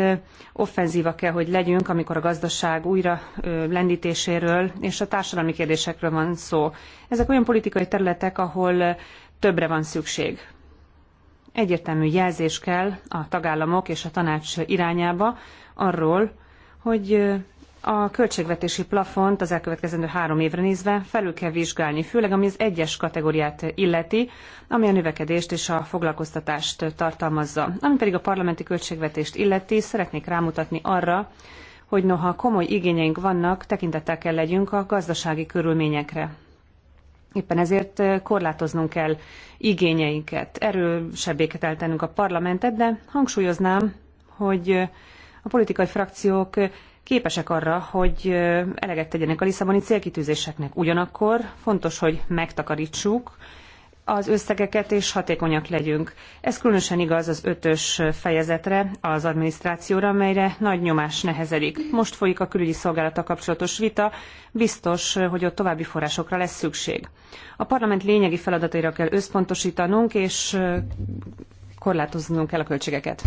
offenzíva kell, hogy legyünk, amikor a gazdaság újra lendítéséről és a társadalmi kérdésekről van szó. Ezek olyan politikai területek, ahol többre van szükség. Egyértelmű jelzés kell a tagállamok és a tanács irányába arról, hogy a költségvetési plafont az elkövetkezendő három évre nézve felül kell vizsgálni, főleg ami az egyes kategóriát illeti, ami a növekedést és a foglalkoztatást tartalmazza. Ami pedig a parlamenti költségvetést illeti, szeretnék rámutatni arra, hogy noha komoly igényeink vannak, tekintettel kell legyünk a gazdasági körülményekre. Éppen ezért korlátoznunk kell igényeinket, erősebbé kell tennünk a parlamentet, de hangsúlyoznám, hogy a politikai frakciók képesek arra, hogy eleget tegyenek a Lisszaboni célkitűzéseknek. Ugyanakkor fontos, hogy megtakarítsuk az összegeket és hatékonyak legyünk. Ez különösen igaz az ötös fejezetre, az adminisztrációra, amelyre nagy nyomás nehezedik. Most folyik a külügyi szolgálata kapcsolatos vita, biztos, hogy ott további forrásokra lesz szükség. A parlament lényegi feladataira kell összpontosítanunk, és korlátoznunk kell a költségeket.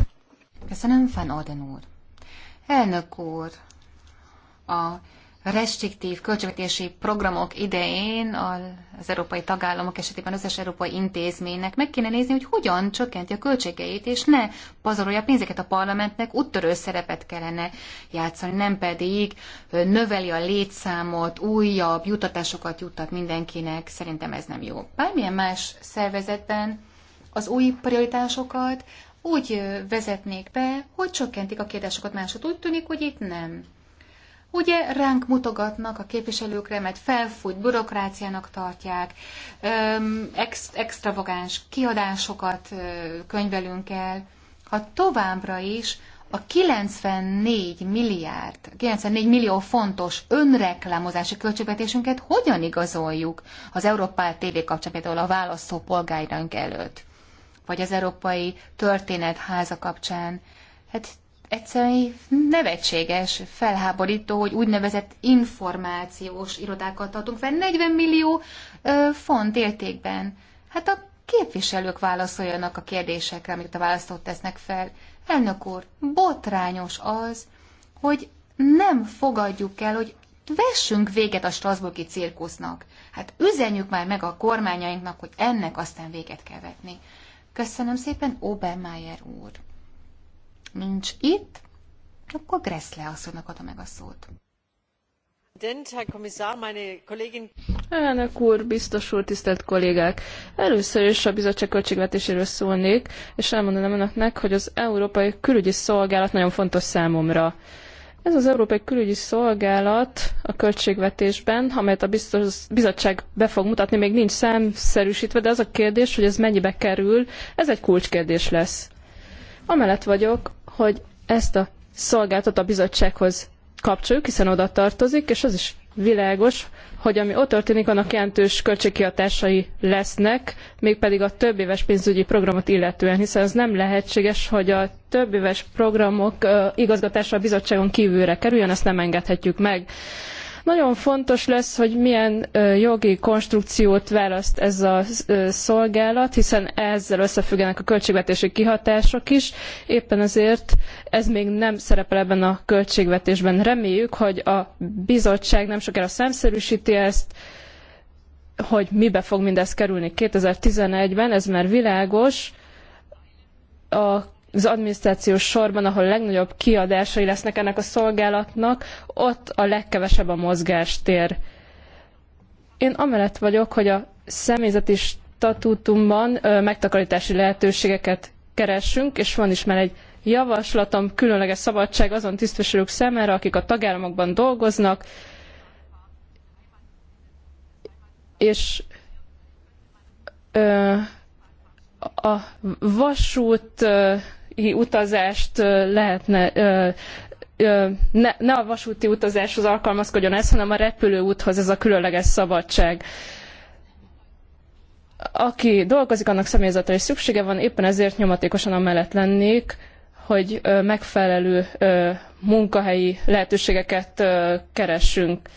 Köszönöm, Fan Alden úr. Elnök úr, a restriktív költségvetési programok idején az európai tagállamok esetében az összes európai intézménynek meg kéne nézni, hogy hogyan csökkenti a költségeit, és ne pazarolja a pénzeket a parlamentnek, úttörő szerepet kellene játszani, nem pedig növeli a létszámot, újabb jutatásokat juttat mindenkinek, szerintem ez nem jó. Bármilyen más szervezetben az új prioritásokat úgy vezetnék be, hogy csökkentik a kérdéseket másod. Úgy tűnik, hogy itt nem Ugye ránk mutogatnak a képviselőkre, mert felfújt bürokráciának tartják, ex- extravagáns kiadásokat könyvelünk el. Ha továbbra is a 94 milliárd, 94 millió fontos önreklámozási költségvetésünket hogyan igazoljuk az európai TV kapcsán például a választó polgáraink előtt? Vagy az Európai Történetháza kapcsán? Hát egyszerűen nevetséges, felháborító, hogy úgynevezett információs irodákat tartunk fel 40 millió ö, font értékben. Hát a képviselők válaszoljanak a kérdésekre, amiket a választók tesznek fel. Elnök úr, botrányos az, hogy nem fogadjuk el, hogy vessünk véget a Strasburgi cirkusznak. Hát üzenjük már meg a kormányainknak, hogy ennek aztán véget kell vetni. Köszönöm szépen, Obermeier úr nincs itt, akkor Gressle asszonynak adom meg a szót. Elnök úr, biztos úr, tisztelt kollégák! Először is a bizottság költségvetéséről szólnék, és elmondanám önöknek, hogy az Európai Külügyi Szolgálat nagyon fontos számomra. Ez az Európai Külügyi Szolgálat a költségvetésben, amelyet a biztos, bizottság be fog mutatni, még nincs számszerűsítve, de az a kérdés, hogy ez mennyibe kerül, ez egy kulcskérdés lesz. Amellett vagyok, hogy ezt a szolgáltat a bizottsághoz kapcsoljuk, hiszen oda tartozik, és az is világos, hogy ami ott történik, annak jelentős költségkihatásai lesznek, mégpedig a többéves pénzügyi programot illetően, hiszen ez nem lehetséges, hogy a többéves programok igazgatása a bizottságon kívülre kerüljön, ezt nem engedhetjük meg. Nagyon fontos lesz, hogy milyen jogi konstrukciót választ ez a szolgálat, hiszen ezzel összefüggenek a költségvetési kihatások is. Éppen ezért ez még nem szerepel ebben a költségvetésben. Reméljük, hogy a bizottság nem sokára számszerűsíti ezt, hogy mibe fog mindez kerülni 2011-ben, ez már világos. A az adminisztrációs sorban, ahol a legnagyobb kiadásai lesznek ennek a szolgálatnak, ott a legkevesebb a mozgástér. Én amellett vagyok, hogy a személyzeti statútumban megtakarítási lehetőségeket keressünk, és van is már egy javaslatom, különleges szabadság azon tisztviselők számára, akik a tagállamokban dolgoznak, és ö, a vasút utazást lehetne ne, ne a vasúti utazáshoz alkalmazkodjon ez, hanem a repülőúthoz ez a különleges szabadság aki dolgozik, annak személyzetre is szüksége van, éppen ezért nyomatékosan amellett lennék, hogy megfelelő munkahelyi lehetőségeket keressünk.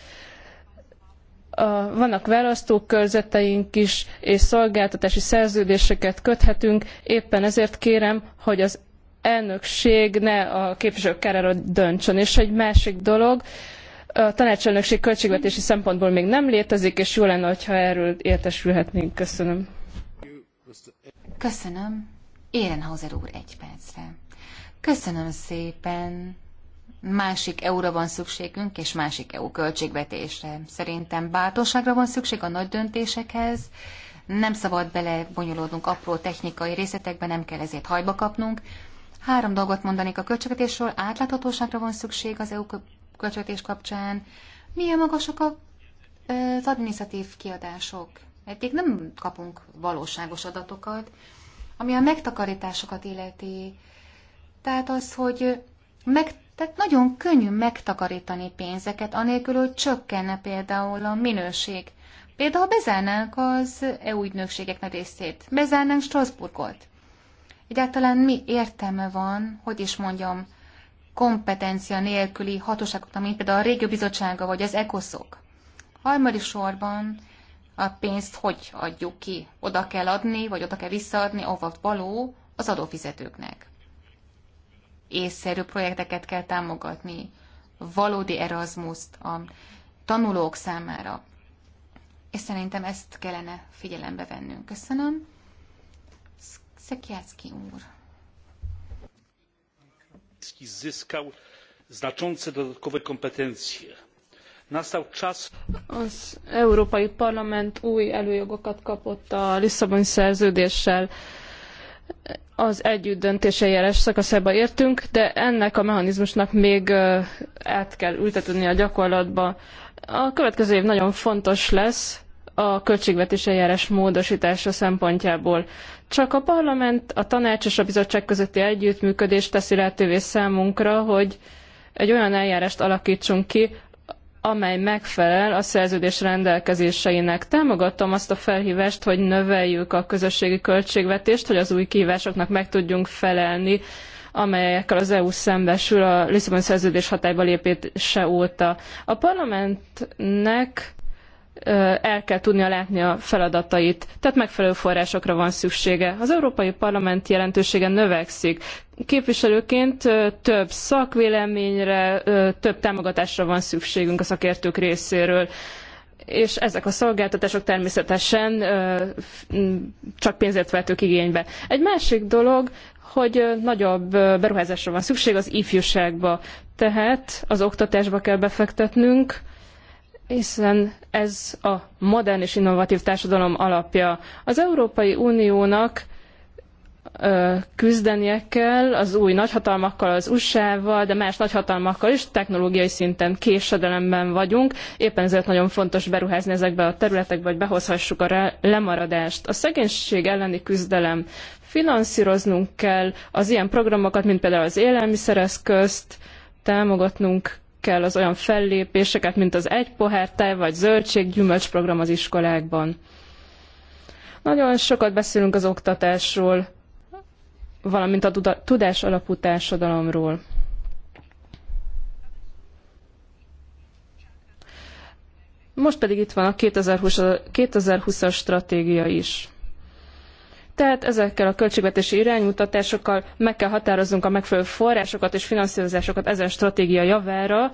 Vannak választókörzeteink is, és szolgáltatási szerződéseket köthetünk, éppen ezért kérem, hogy az elnökség ne a képviselők kárára döntsön. És egy másik dolog, a tanácselnökség költségvetési szempontból még nem létezik, és jó lenne, ha erről értesülhetnénk. Köszönöm. Köszönöm. Érenhauser úr egy percre. Köszönöm szépen. Másik EU-ra van szükségünk, és másik EU költségvetésre. Szerintem bátorságra van szükség a nagy döntésekhez. Nem szabad bele bonyolódnunk apró technikai részletekbe, nem kell ezért hajba kapnunk. Három dolgot mondanék a költségvetésről. Átláthatóságra van szükség az EU költségvetés kapcsán. Milyen magasak a, az adminisztratív kiadások? Eddig nem kapunk valóságos adatokat, ami a megtakarításokat illeti. Tehát az, hogy meg, tehát nagyon könnyű megtakarítani pénzeket, anélkül, hogy csökkenne például a minőség. Például bezárnánk az EU ügynökségek részét, bezárnánk Strasbourgot. Egyáltalán mi értelme van, hogy is mondjam, kompetencia nélküli hatóságoknak, mint például a régió bizottsága vagy az ECOSZOK. Harmadik sorban a pénzt hogy adjuk ki? Oda kell adni, vagy oda kell visszaadni, ahova való az adófizetőknek. Észszerű projekteket kell támogatni, valódi erasmus a tanulók számára. És szerintem ezt kellene figyelembe vennünk. Köszönöm. Szekiácki úr. Zyskał znaczące dodatkowe kompetencje. Nastał czas... Az Európai Parlament új előjogokat kapott a Lisszaboni szerződéssel az együtt jeles szakaszába értünk, de ennek a mechanizmusnak még át kell ültetni a gyakorlatba. A következő év nagyon fontos lesz a költségvetési eljárás módosítása szempontjából. Csak a parlament, a tanács és a bizottság közötti együttműködés teszi lehetővé számunkra, hogy egy olyan eljárást alakítsunk ki, amely megfelel a szerződés rendelkezéseinek. Támogatom azt a felhívást, hogy növeljük a közösségi költségvetést, hogy az új kihívásoknak meg tudjunk felelni, amelyekkel az EU szembesül a Lisszaboni szerződés hatályba lépése óta. A parlamentnek el kell tudnia látni a feladatait, tehát megfelelő forrásokra van szüksége. Az Európai Parlament jelentősége növekszik. Képviselőként több szakvéleményre, több támogatásra van szükségünk a szakértők részéről és ezek a szolgáltatások természetesen csak pénzért vettük igénybe. Egy másik dolog, hogy nagyobb beruházásra van szükség az ifjúságba, tehát az oktatásba kell befektetnünk, hiszen ez a modern és innovatív társadalom alapja. Az Európai Uniónak küzdenie kell az új nagyhatalmakkal, az USA-val, de más nagyhatalmakkal is, technológiai szinten késedelemben vagyunk, éppen ezért nagyon fontos beruházni ezekbe a területekbe, hogy behozhassuk a lemaradást. A szegénység elleni küzdelem finanszíroznunk kell az ilyen programokat, mint például az élelmiszereszközt, támogatnunk kell az olyan fellépéseket, mint az egy pohár tej vagy zöldséggyümölcs program az iskolákban. Nagyon sokat beszélünk az oktatásról, valamint a tudás alapú társadalomról. Most pedig itt van a 2020-as stratégia is. Tehát ezekkel a költségvetési iránymutatásokkal meg kell határoznunk a megfelelő forrásokat és finanszírozásokat ezen stratégia javára,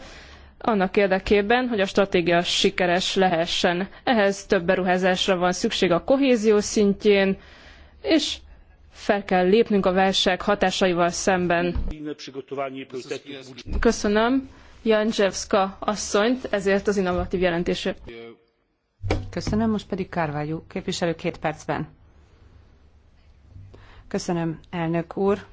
annak érdekében, hogy a stratégia sikeres lehessen. Ehhez több beruházásra van szükség a kohézió szintjén, és fel kell lépnünk a válság hatásaival szemben. Köszönöm Janzsevska asszonyt ezért az innovatív jelentésért. Köszönöm, most pedig Kárvályú képviselő két percben. Köszönöm, elnök úr.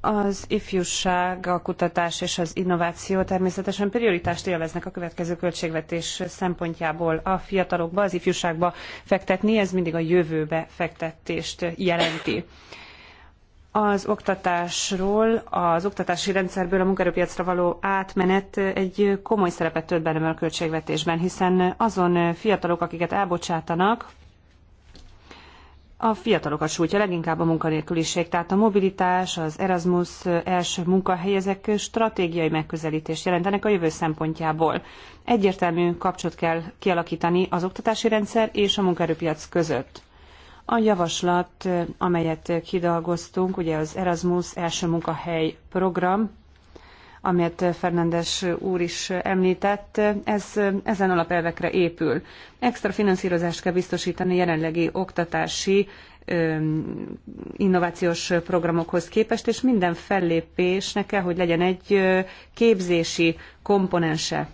Az ifjúság, a kutatás és az innováció természetesen prioritást élveznek a következő költségvetés szempontjából. A fiatalokba, az ifjúságba fektetni, ez mindig a jövőbe fektetést jelenti. Az oktatásról, az oktatási rendszerből a munkaerőpiacra való átmenet egy komoly szerepet tölt be a költségvetésben, hiszen azon fiatalok, akiket elbocsátanak, a fiatalokat sújtja leginkább a munkanélküliség, tehát a mobilitás, az Erasmus első munkahely, ezek stratégiai megközelítést jelentenek a jövő szempontjából. Egyértelmű kapcsot kell kialakítani az oktatási rendszer és a munkaerőpiac között. A javaslat, amelyet kidolgoztunk, ugye az Erasmus első munkahely program, amelyet Fernandes úr is említett, ez ezen alapelvekre épül. Extra finanszírozást kell biztosítani jelenlegi oktatási innovációs programokhoz képest, és minden fellépésnek kell, hogy legyen egy képzési komponense.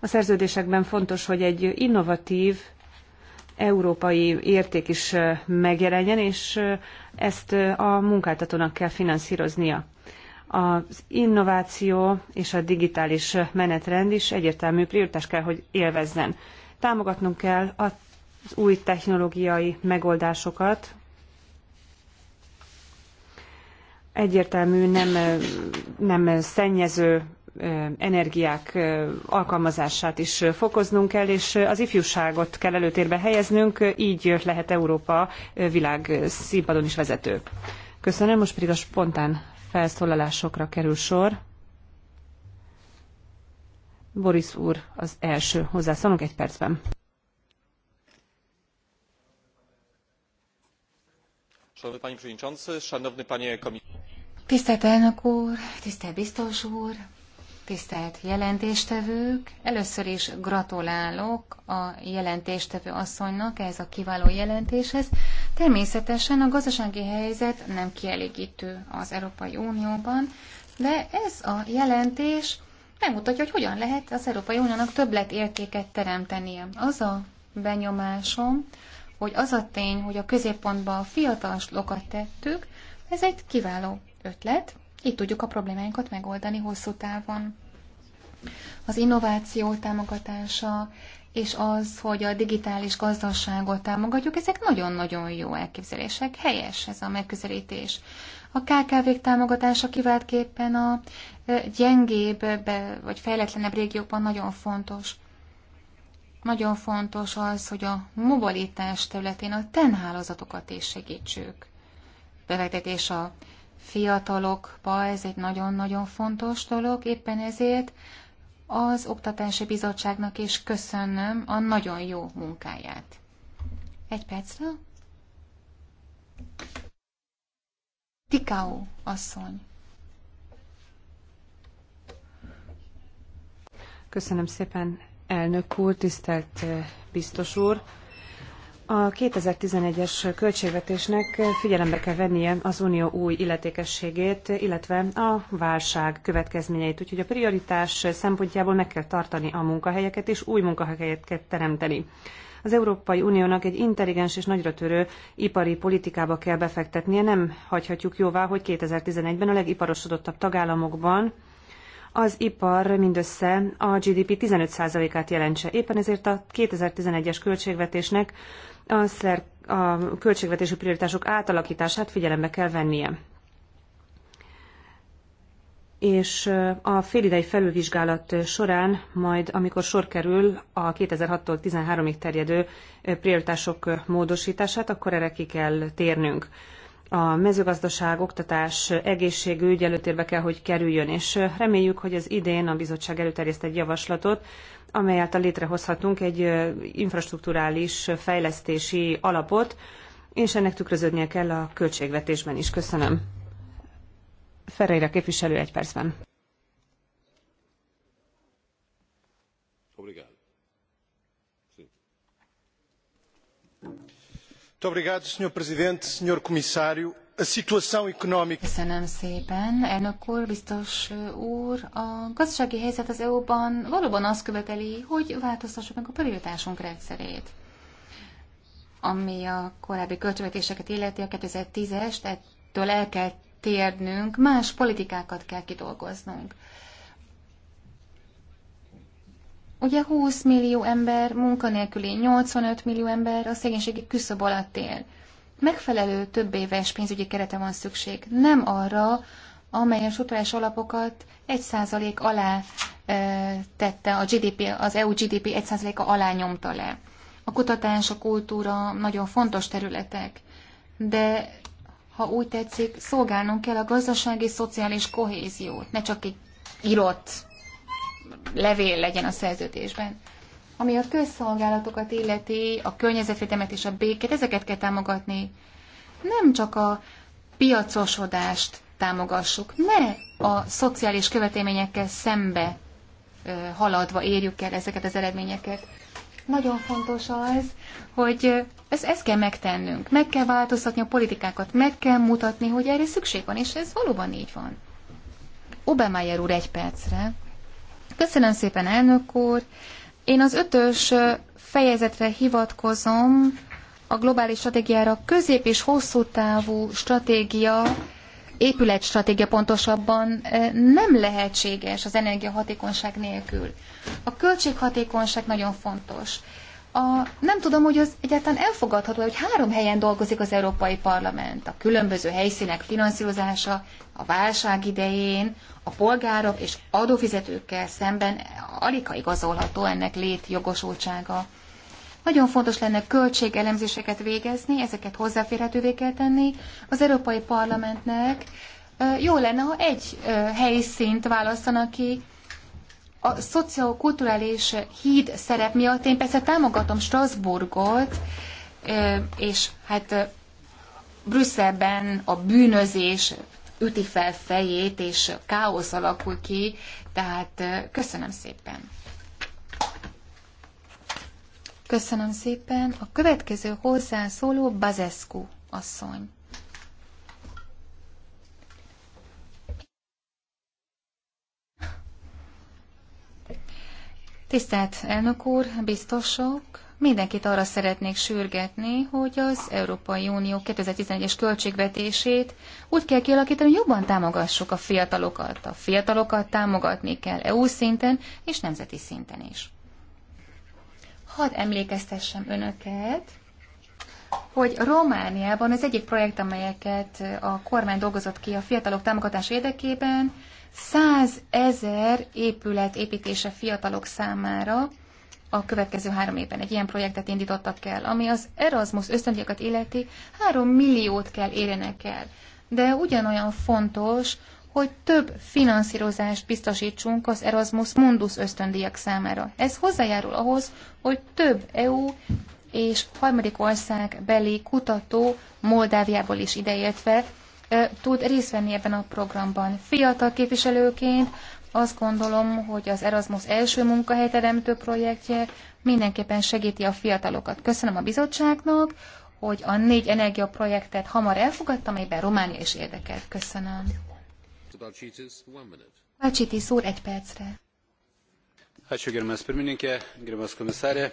A szerződésekben fontos, hogy egy innovatív európai érték is megjelenjen, és ezt a munkáltatónak kell finanszíroznia. Az innováció és a digitális menetrend is egyértelmű prioritás kell, hogy élvezzen. Támogatnunk kell az új technológiai megoldásokat, egyértelmű, nem, nem szennyező energiák alkalmazását is fokoznunk kell, és az ifjúságot kell előtérbe helyeznünk, így lehet Európa világ színpadon is vezető. Köszönöm, most pedig a spontán felszólalásokra kerül sor. Boris úr az első hozzászólunk egy percben. Tisztelt elnök úr, tisztelt biztos úr, Tisztelt jelentéstevők, először is gratulálok a jelentéstevő asszonynak ez a kiváló jelentéshez. Természetesen a gazdasági helyzet nem kielégítő az Európai Unióban, de ez a jelentés megmutatja, hogy hogyan lehet az Európai Uniónak értéket teremtenie. Az a benyomásom, hogy az a tény, hogy a középpontba a fiatal tettük, ez egy kiváló ötlet, így tudjuk a problémáinkat megoldani hosszú távon. Az innováció támogatása és az, hogy a digitális gazdaságot támogatjuk, ezek nagyon-nagyon jó elképzelések, helyes ez a megközelítés. A KKV-k támogatása kiváltképpen a gyengébb vagy fejletlenebb régiókban nagyon fontos. Nagyon fontos az, hogy a mobilitás területén a TEN hálózatokat is segítsük. Bevetetés a fiatalokba ez egy nagyon-nagyon fontos dolog, éppen ezért az Oktatási Bizottságnak is köszönöm a nagyon jó munkáját. Egy percre. Tikau asszony. Köszönöm szépen, elnök úr, tisztelt eh, biztos úr. A 2011-es költségvetésnek figyelembe kell vennie az unió új illetékességét, illetve a válság következményeit. Úgyhogy a prioritás szempontjából meg kell tartani a munkahelyeket és új munkahelyeket kell teremteni. Az Európai Uniónak egy intelligens és nagyra törő ipari politikába kell befektetnie. Nem hagyhatjuk jóvá, hogy 2011-ben a legiparosodottabb tagállamokban az ipar mindössze a GDP 15%-át jelentse. Éppen ezért a 2011-es költségvetésnek a, szer, a költségvetési prioritások átalakítását figyelembe kell vennie. És a félidei felülvizsgálat során majd, amikor sor kerül a 2006-tól 13-ig terjedő prioritások módosítását, akkor erre ki kell térnünk a mezőgazdaság, oktatás, egészségügy előtérbe kell, hogy kerüljön, és reméljük, hogy az idén a bizottság előterjeszt egy javaslatot, amely által létrehozhatunk egy infrastrukturális fejlesztési alapot, és ennek tükröződnie kell a költségvetésben is. Köszönöm. Ferreira képviselő egy percben. Presidente, a económica... Köszönöm szépen, elnök úr, biztos úr. A gazdasági helyzet az EU-ban valóban azt követeli, hogy változtassuk meg a prioritásunk rendszerét ami a korábbi költségvetéseket illeti a 2010 es ettől el kell térnünk, más politikákat kell kidolgoznunk. Ugye 20 millió ember munkanélküli, 85 millió ember a szegénységi küszöb alatt él. Megfelelő több éves pénzügyi kerete van szükség, nem arra, amely a struktúrás alapokat 1% alá e, tette, a GDP, az EU GDP 1%-a alá nyomta le. A kutatás, a kultúra nagyon fontos területek, de ha úgy tetszik, szolgálnunk kell a gazdasági, szociális kohéziót, ne csak egy írott levél legyen a szerződésben. Ami a közszolgálatokat illeti, a környezetvédelmet és a békét, ezeket kell támogatni. Nem csak a piacosodást támogassuk, ne a szociális követelményekkel szembe haladva érjük el ezeket az eredményeket. Nagyon fontos az, hogy ezt, ezt kell megtennünk, meg kell változtatni a politikákat, meg kell mutatni, hogy erre szükség van, és ez valóban így van. Obermeyer úr egy percre. Köszönöm szépen, elnök úr. Én az ötös fejezetre hivatkozom, a globális stratégiára közép- és hosszú távú stratégia, épületstratégia pontosabban eh, nem lehetséges az energiahatékonyság nélkül. A költséghatékonyság nagyon fontos a, nem tudom, hogy az egyáltalán elfogadható, hogy három helyen dolgozik az Európai Parlament. A különböző helyszínek finanszírozása, a válság idején, a polgárok és adófizetőkkel szemben alig igazolható ennek létjogosultsága. Nagyon fontos lenne költségelemzéseket végezni, ezeket hozzáférhetővé kell tenni. Az Európai Parlamentnek jó lenne, ha egy helyszínt választanak ki, a szociokulturális híd szerep miatt én persze támogatom Strasbourgot, és hát Brüsszelben a bűnözés üti fel fejét, és káosz alakul ki, tehát köszönöm szépen. Köszönöm szépen. A következő hozzászóló Bazescu asszony. Tisztelt elnök úr, biztosok, mindenkit arra szeretnék sürgetni, hogy az Európai Unió 2011-es költségvetését úgy kell kialakítani, hogy jobban támogassuk a fiatalokat. A fiatalokat támogatni kell EU szinten és nemzeti szinten is. Hadd emlékeztessem önöket, hogy Romániában az egyik projekt, amelyeket a kormány dolgozott ki a fiatalok támogatás érdekében, 100 ezer épület építése fiatalok számára a következő három évben egy ilyen projektet indítottak el, ami az Erasmus ösztöndíjakat illeti három milliót kell érjenek el. De ugyanolyan fontos, hogy több finanszírozást biztosítsunk az Erasmus Mundus ösztöndíjak számára. Ez hozzájárul ahhoz, hogy több EU és harmadik ország beli kutató Moldáviából is ideértve tud részt venni ebben a programban. Fiatal képviselőként azt gondolom, hogy az Erasmus első munkahelyteremtő projektje mindenképpen segíti a fiatalokat. Köszönöm a bizottságnak, hogy a négy energiaprojektet hamar elfogadta, amelyben Románia is érdekelt. Köszönöm. Bácsitis úr, egy percre. Hát, Germás Pirmininke, Germás komisszárja.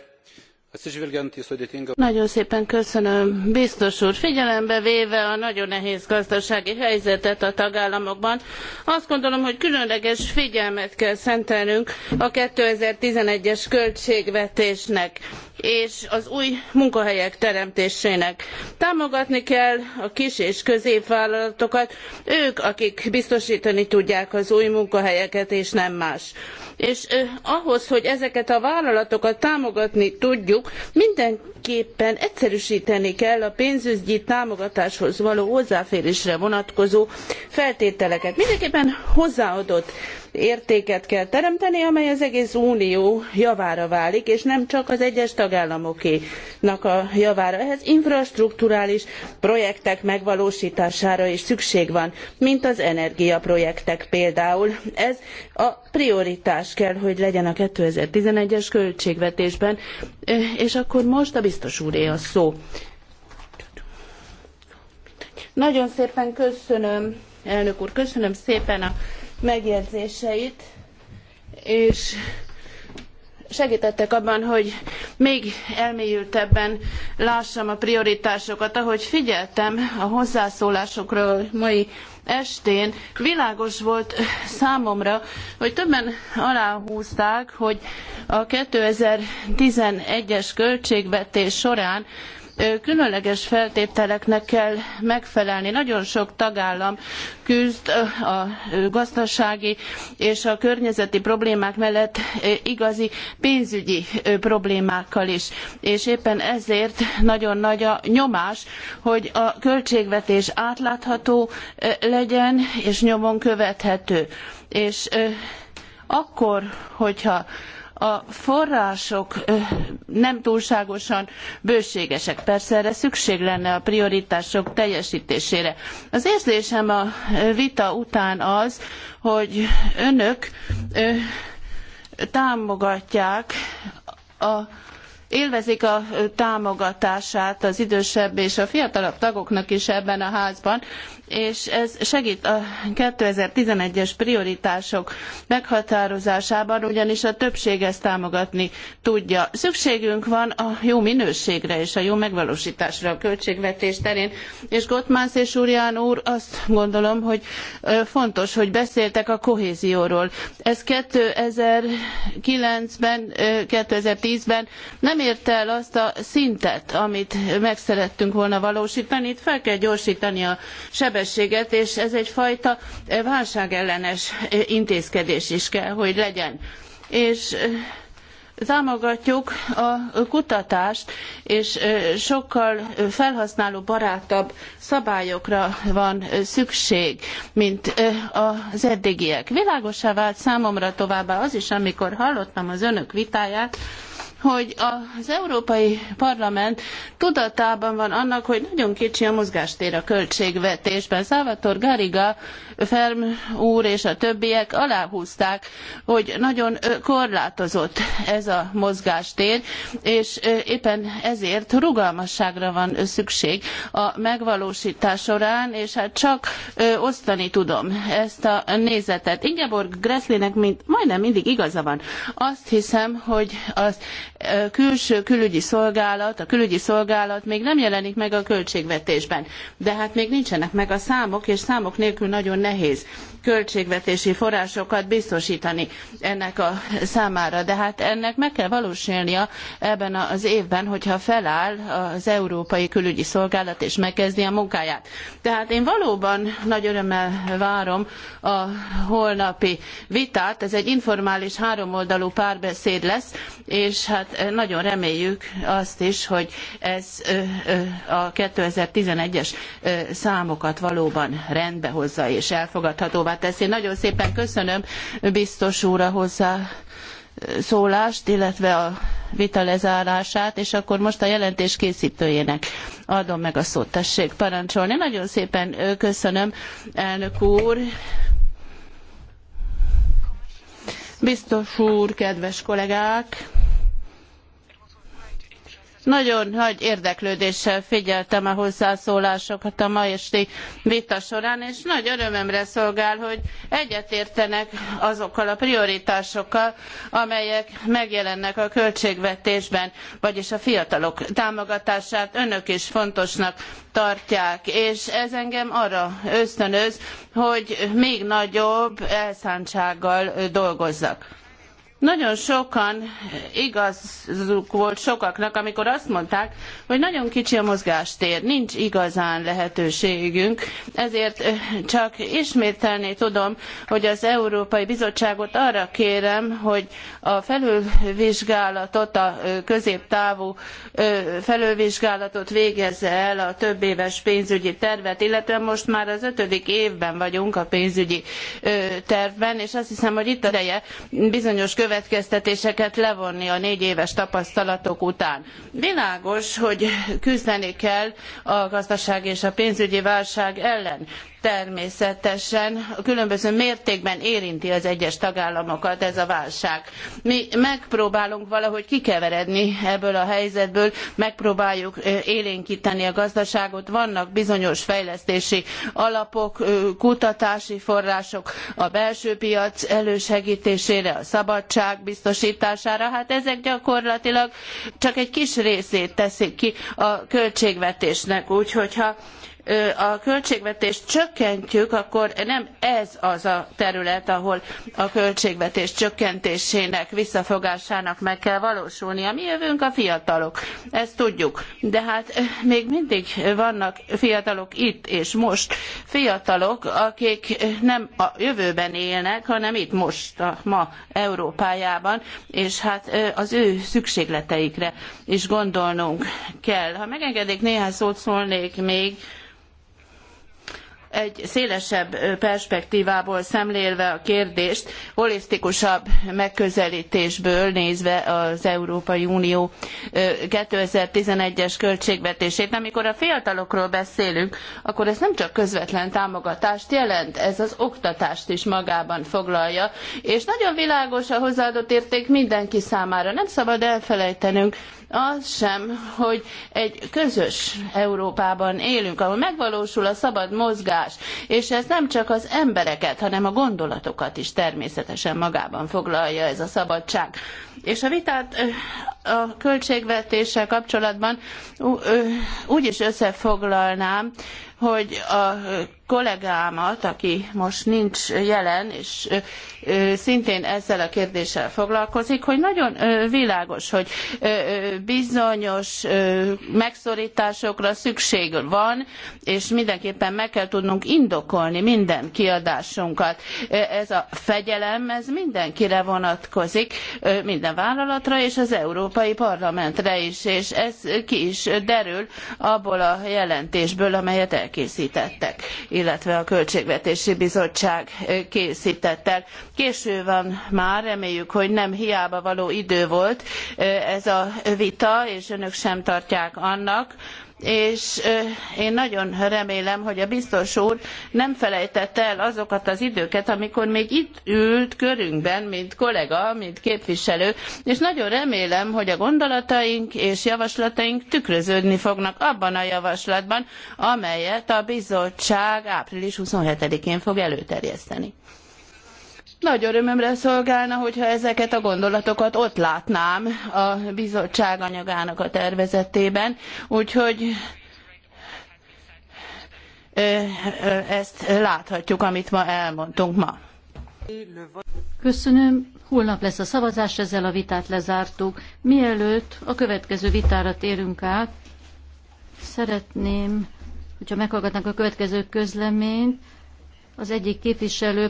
Nagyon szépen köszönöm, biztos úr. Figyelembe véve a nagyon nehéz gazdasági helyzetet a tagállamokban, azt gondolom, hogy különleges figyelmet kell szentelnünk a 2011-es költségvetésnek és az új munkahelyek teremtésének. Támogatni kell a kis és középvállalatokat, ők, akik biztosítani tudják az új munkahelyeket, és nem más és ahhoz, hogy ezeket a vállalatokat támogatni tudjuk, mindenképpen egyszerűsíteni kell a pénzügyi támogatáshoz való hozzáférésre vonatkozó feltételeket. Mindenképpen hozzáadott értéket kell teremteni, amely az egész unió javára válik, és nem csak az egyes tagállamokénak a javára. Ehhez infrastrukturális projektek megvalósítására is szükség van, mint az energiaprojektek például. Ez a prioritás kell, hogy legyen a 2011-es költségvetésben, és akkor most a biztos úré a szó. Nagyon szépen köszönöm, elnök úr, köszönöm szépen a megjegyzéseit, és segítettek abban, hogy még elmélyültebben lássam a prioritásokat. Ahogy figyeltem a hozzászólásokra a mai estén, világos volt számomra, hogy többen aláhúzták, hogy a 2011-es költségvetés során különleges feltételeknek kell megfelelni. Nagyon sok tagállam küzd a gazdasági és a környezeti problémák mellett igazi pénzügyi problémákkal is. És éppen ezért nagyon nagy a nyomás, hogy a költségvetés átlátható legyen és nyomon követhető. És akkor, hogyha a források nem túlságosan bőségesek. Persze erre szükség lenne a prioritások teljesítésére. Az érzésem a vita után az, hogy önök támogatják a élvezik a támogatását az idősebb és a fiatalabb tagoknak is ebben a házban, és ez segít a 2011-es prioritások meghatározásában, ugyanis a többség ezt támogatni tudja. Szükségünk van a jó minőségre és a jó megvalósításra a költségvetés terén, és Gottmans és Úrján úr azt gondolom, hogy fontos, hogy beszéltek a kohézióról. Ez 2009-ben, 2010-ben nem nem érte el azt a szintet, amit meg szerettünk volna valósítani. Itt fel kell gyorsítani a sebességet, és ez egyfajta válságellenes intézkedés is kell, hogy legyen. És támogatjuk a kutatást, és sokkal felhasználó barátabb szabályokra van szükség, mint az eddigiek. Világosá vált számomra továbbá az is, amikor hallottam az önök vitáját, hogy az Európai Parlament tudatában van annak, hogy nagyon kicsi a mozgástér a költségvetésben. Salvator Gariga, Ferm úr és a többiek aláhúzták, hogy nagyon korlátozott ez a mozgástér, és éppen ezért rugalmasságra van szükség a megvalósítás során, és hát csak osztani tudom ezt a nézetet. Ingeborg Gresslinek mint majdnem mindig igaza van. Azt hiszem, hogy az külső külügyi szolgálat, a külügyi szolgálat még nem jelenik meg a költségvetésben. De hát még nincsenek meg a számok, és számok nélkül nagyon nehéz költségvetési forrásokat biztosítani ennek a számára. De hát ennek meg kell valósulnia ebben az évben, hogyha feláll az Európai Külügyi Szolgálat és megkezdi a munkáját. Tehát én valóban nagy örömmel várom a holnapi vitát. Ez egy informális háromoldalú párbeszéd lesz, és hát nagyon reméljük azt is, hogy ez a 2011-es számokat valóban rendbe hozza és elfogadhatóvá vonzóvá teszi. Nagyon szépen köszönöm biztos úr a hozzászólást, szólást, illetve a vita lezárását, és akkor most a jelentés készítőjének adom meg a szót. Tessék parancsolni. Nagyon szépen köszönöm, elnök úr. Biztos úr, kedves kollégák! Nagyon nagy érdeklődéssel figyeltem a hozzászólásokat a ma esti vita során, és nagy örömömre szolgál, hogy egyetértenek azokkal a prioritásokkal, amelyek megjelennek a költségvetésben, vagyis a fiatalok támogatását önök is fontosnak tartják, és ez engem arra ösztönöz, hogy még nagyobb elszántsággal dolgozzak. Nagyon sokan igazuk volt sokaknak, amikor azt mondták, hogy nagyon kicsi a mozgástér, nincs igazán lehetőségünk, ezért eh, csak ismételni tudom, hogy az Európai Bizottságot arra kérem, hogy a felülvizsgálatot, a eh, középtávú eh, felülvizsgálatot végezze el a többéves pénzügyi tervet, illetve most már az ötödik évben vagyunk a pénzügyi tervben, és azt hiszem, hogy itt a ideje bizonyos követ következtetéseket levonni a négy éves tapasztalatok után. Világos, hogy küzdeni kell a gazdasági és a pénzügyi válság ellen természetesen különböző mértékben érinti az egyes tagállamokat ez a válság. Mi megpróbálunk valahogy kikeveredni ebből a helyzetből, megpróbáljuk élénkíteni a gazdaságot. Vannak bizonyos fejlesztési alapok, kutatási források a belső piac elősegítésére, a szabadság biztosítására. Hát ezek gyakorlatilag csak egy kis részét teszik ki a költségvetésnek, úgyhogy ha a költségvetést csökkentjük, akkor nem ez az a terület, ahol a költségvetés csökkentésének, visszafogásának meg kell valósulnia. Mi jövünk a fiatalok, ezt tudjuk. De hát még mindig vannak fiatalok itt és most, fiatalok, akik nem a jövőben élnek, hanem itt most, a ma Európájában, és hát az ő szükségleteikre is gondolnunk kell. Ha megengedik, néhány szót szólnék még egy szélesebb perspektívából szemlélve a kérdést, holisztikusabb megközelítésből nézve az Európai Unió 2011-es költségvetését. Amikor a fiatalokról beszélünk, akkor ez nem csak közvetlen támogatást jelent, ez az oktatást is magában foglalja, és nagyon világos a hozzáadott érték mindenki számára. Nem szabad elfelejtenünk, az sem, hogy egy közös Európában élünk, ahol megvalósul a szabad mozgás, tudás. És ez nem csak az embereket, hanem a gondolatokat is természetesen magában foglalja ez a szabadság. És a vitát a költségvetéssel kapcsolatban úgy is összefoglalnám, hogy a kollégámat, aki most nincs jelen, és szintén ezzel a kérdéssel foglalkozik, hogy nagyon világos, hogy bizonyos megszorításokra szükség van, és mindenképpen meg kell tudnunk indokolni minden kiadásunkat. Ez a fegyelem, ez mindenkire vonatkozik, minden vállalatra és az Európai Európai Parlamentre is, és ez ki is derül abból a jelentésből, amelyet elkészítettek, illetve a Költségvetési Bizottság készített el. Késő van már, reméljük, hogy nem hiába való idő volt eh, ez a vita, és önök sem tartják annak, és én nagyon remélem, hogy a biztos úr nem felejtette el azokat az időket, amikor még itt ült körünkben, mint kollega, mint képviselő, és nagyon remélem, hogy a gondolataink és javaslataink tükröződni fognak abban a javaslatban, amelyet a bizottság április 27-én fog előterjeszteni. Nagy örömömre szolgálna, hogyha ezeket a gondolatokat ott látnám a bizottság anyagának a tervezetében, úgyhogy ezt láthatjuk, amit ma elmondtunk ma. Köszönöm. Holnap lesz a szavazás, ezzel a vitát lezártuk. Mielőtt a következő vitára térünk át, szeretném, hogyha meghallgatnánk a következő közleményt, az egyik képviselő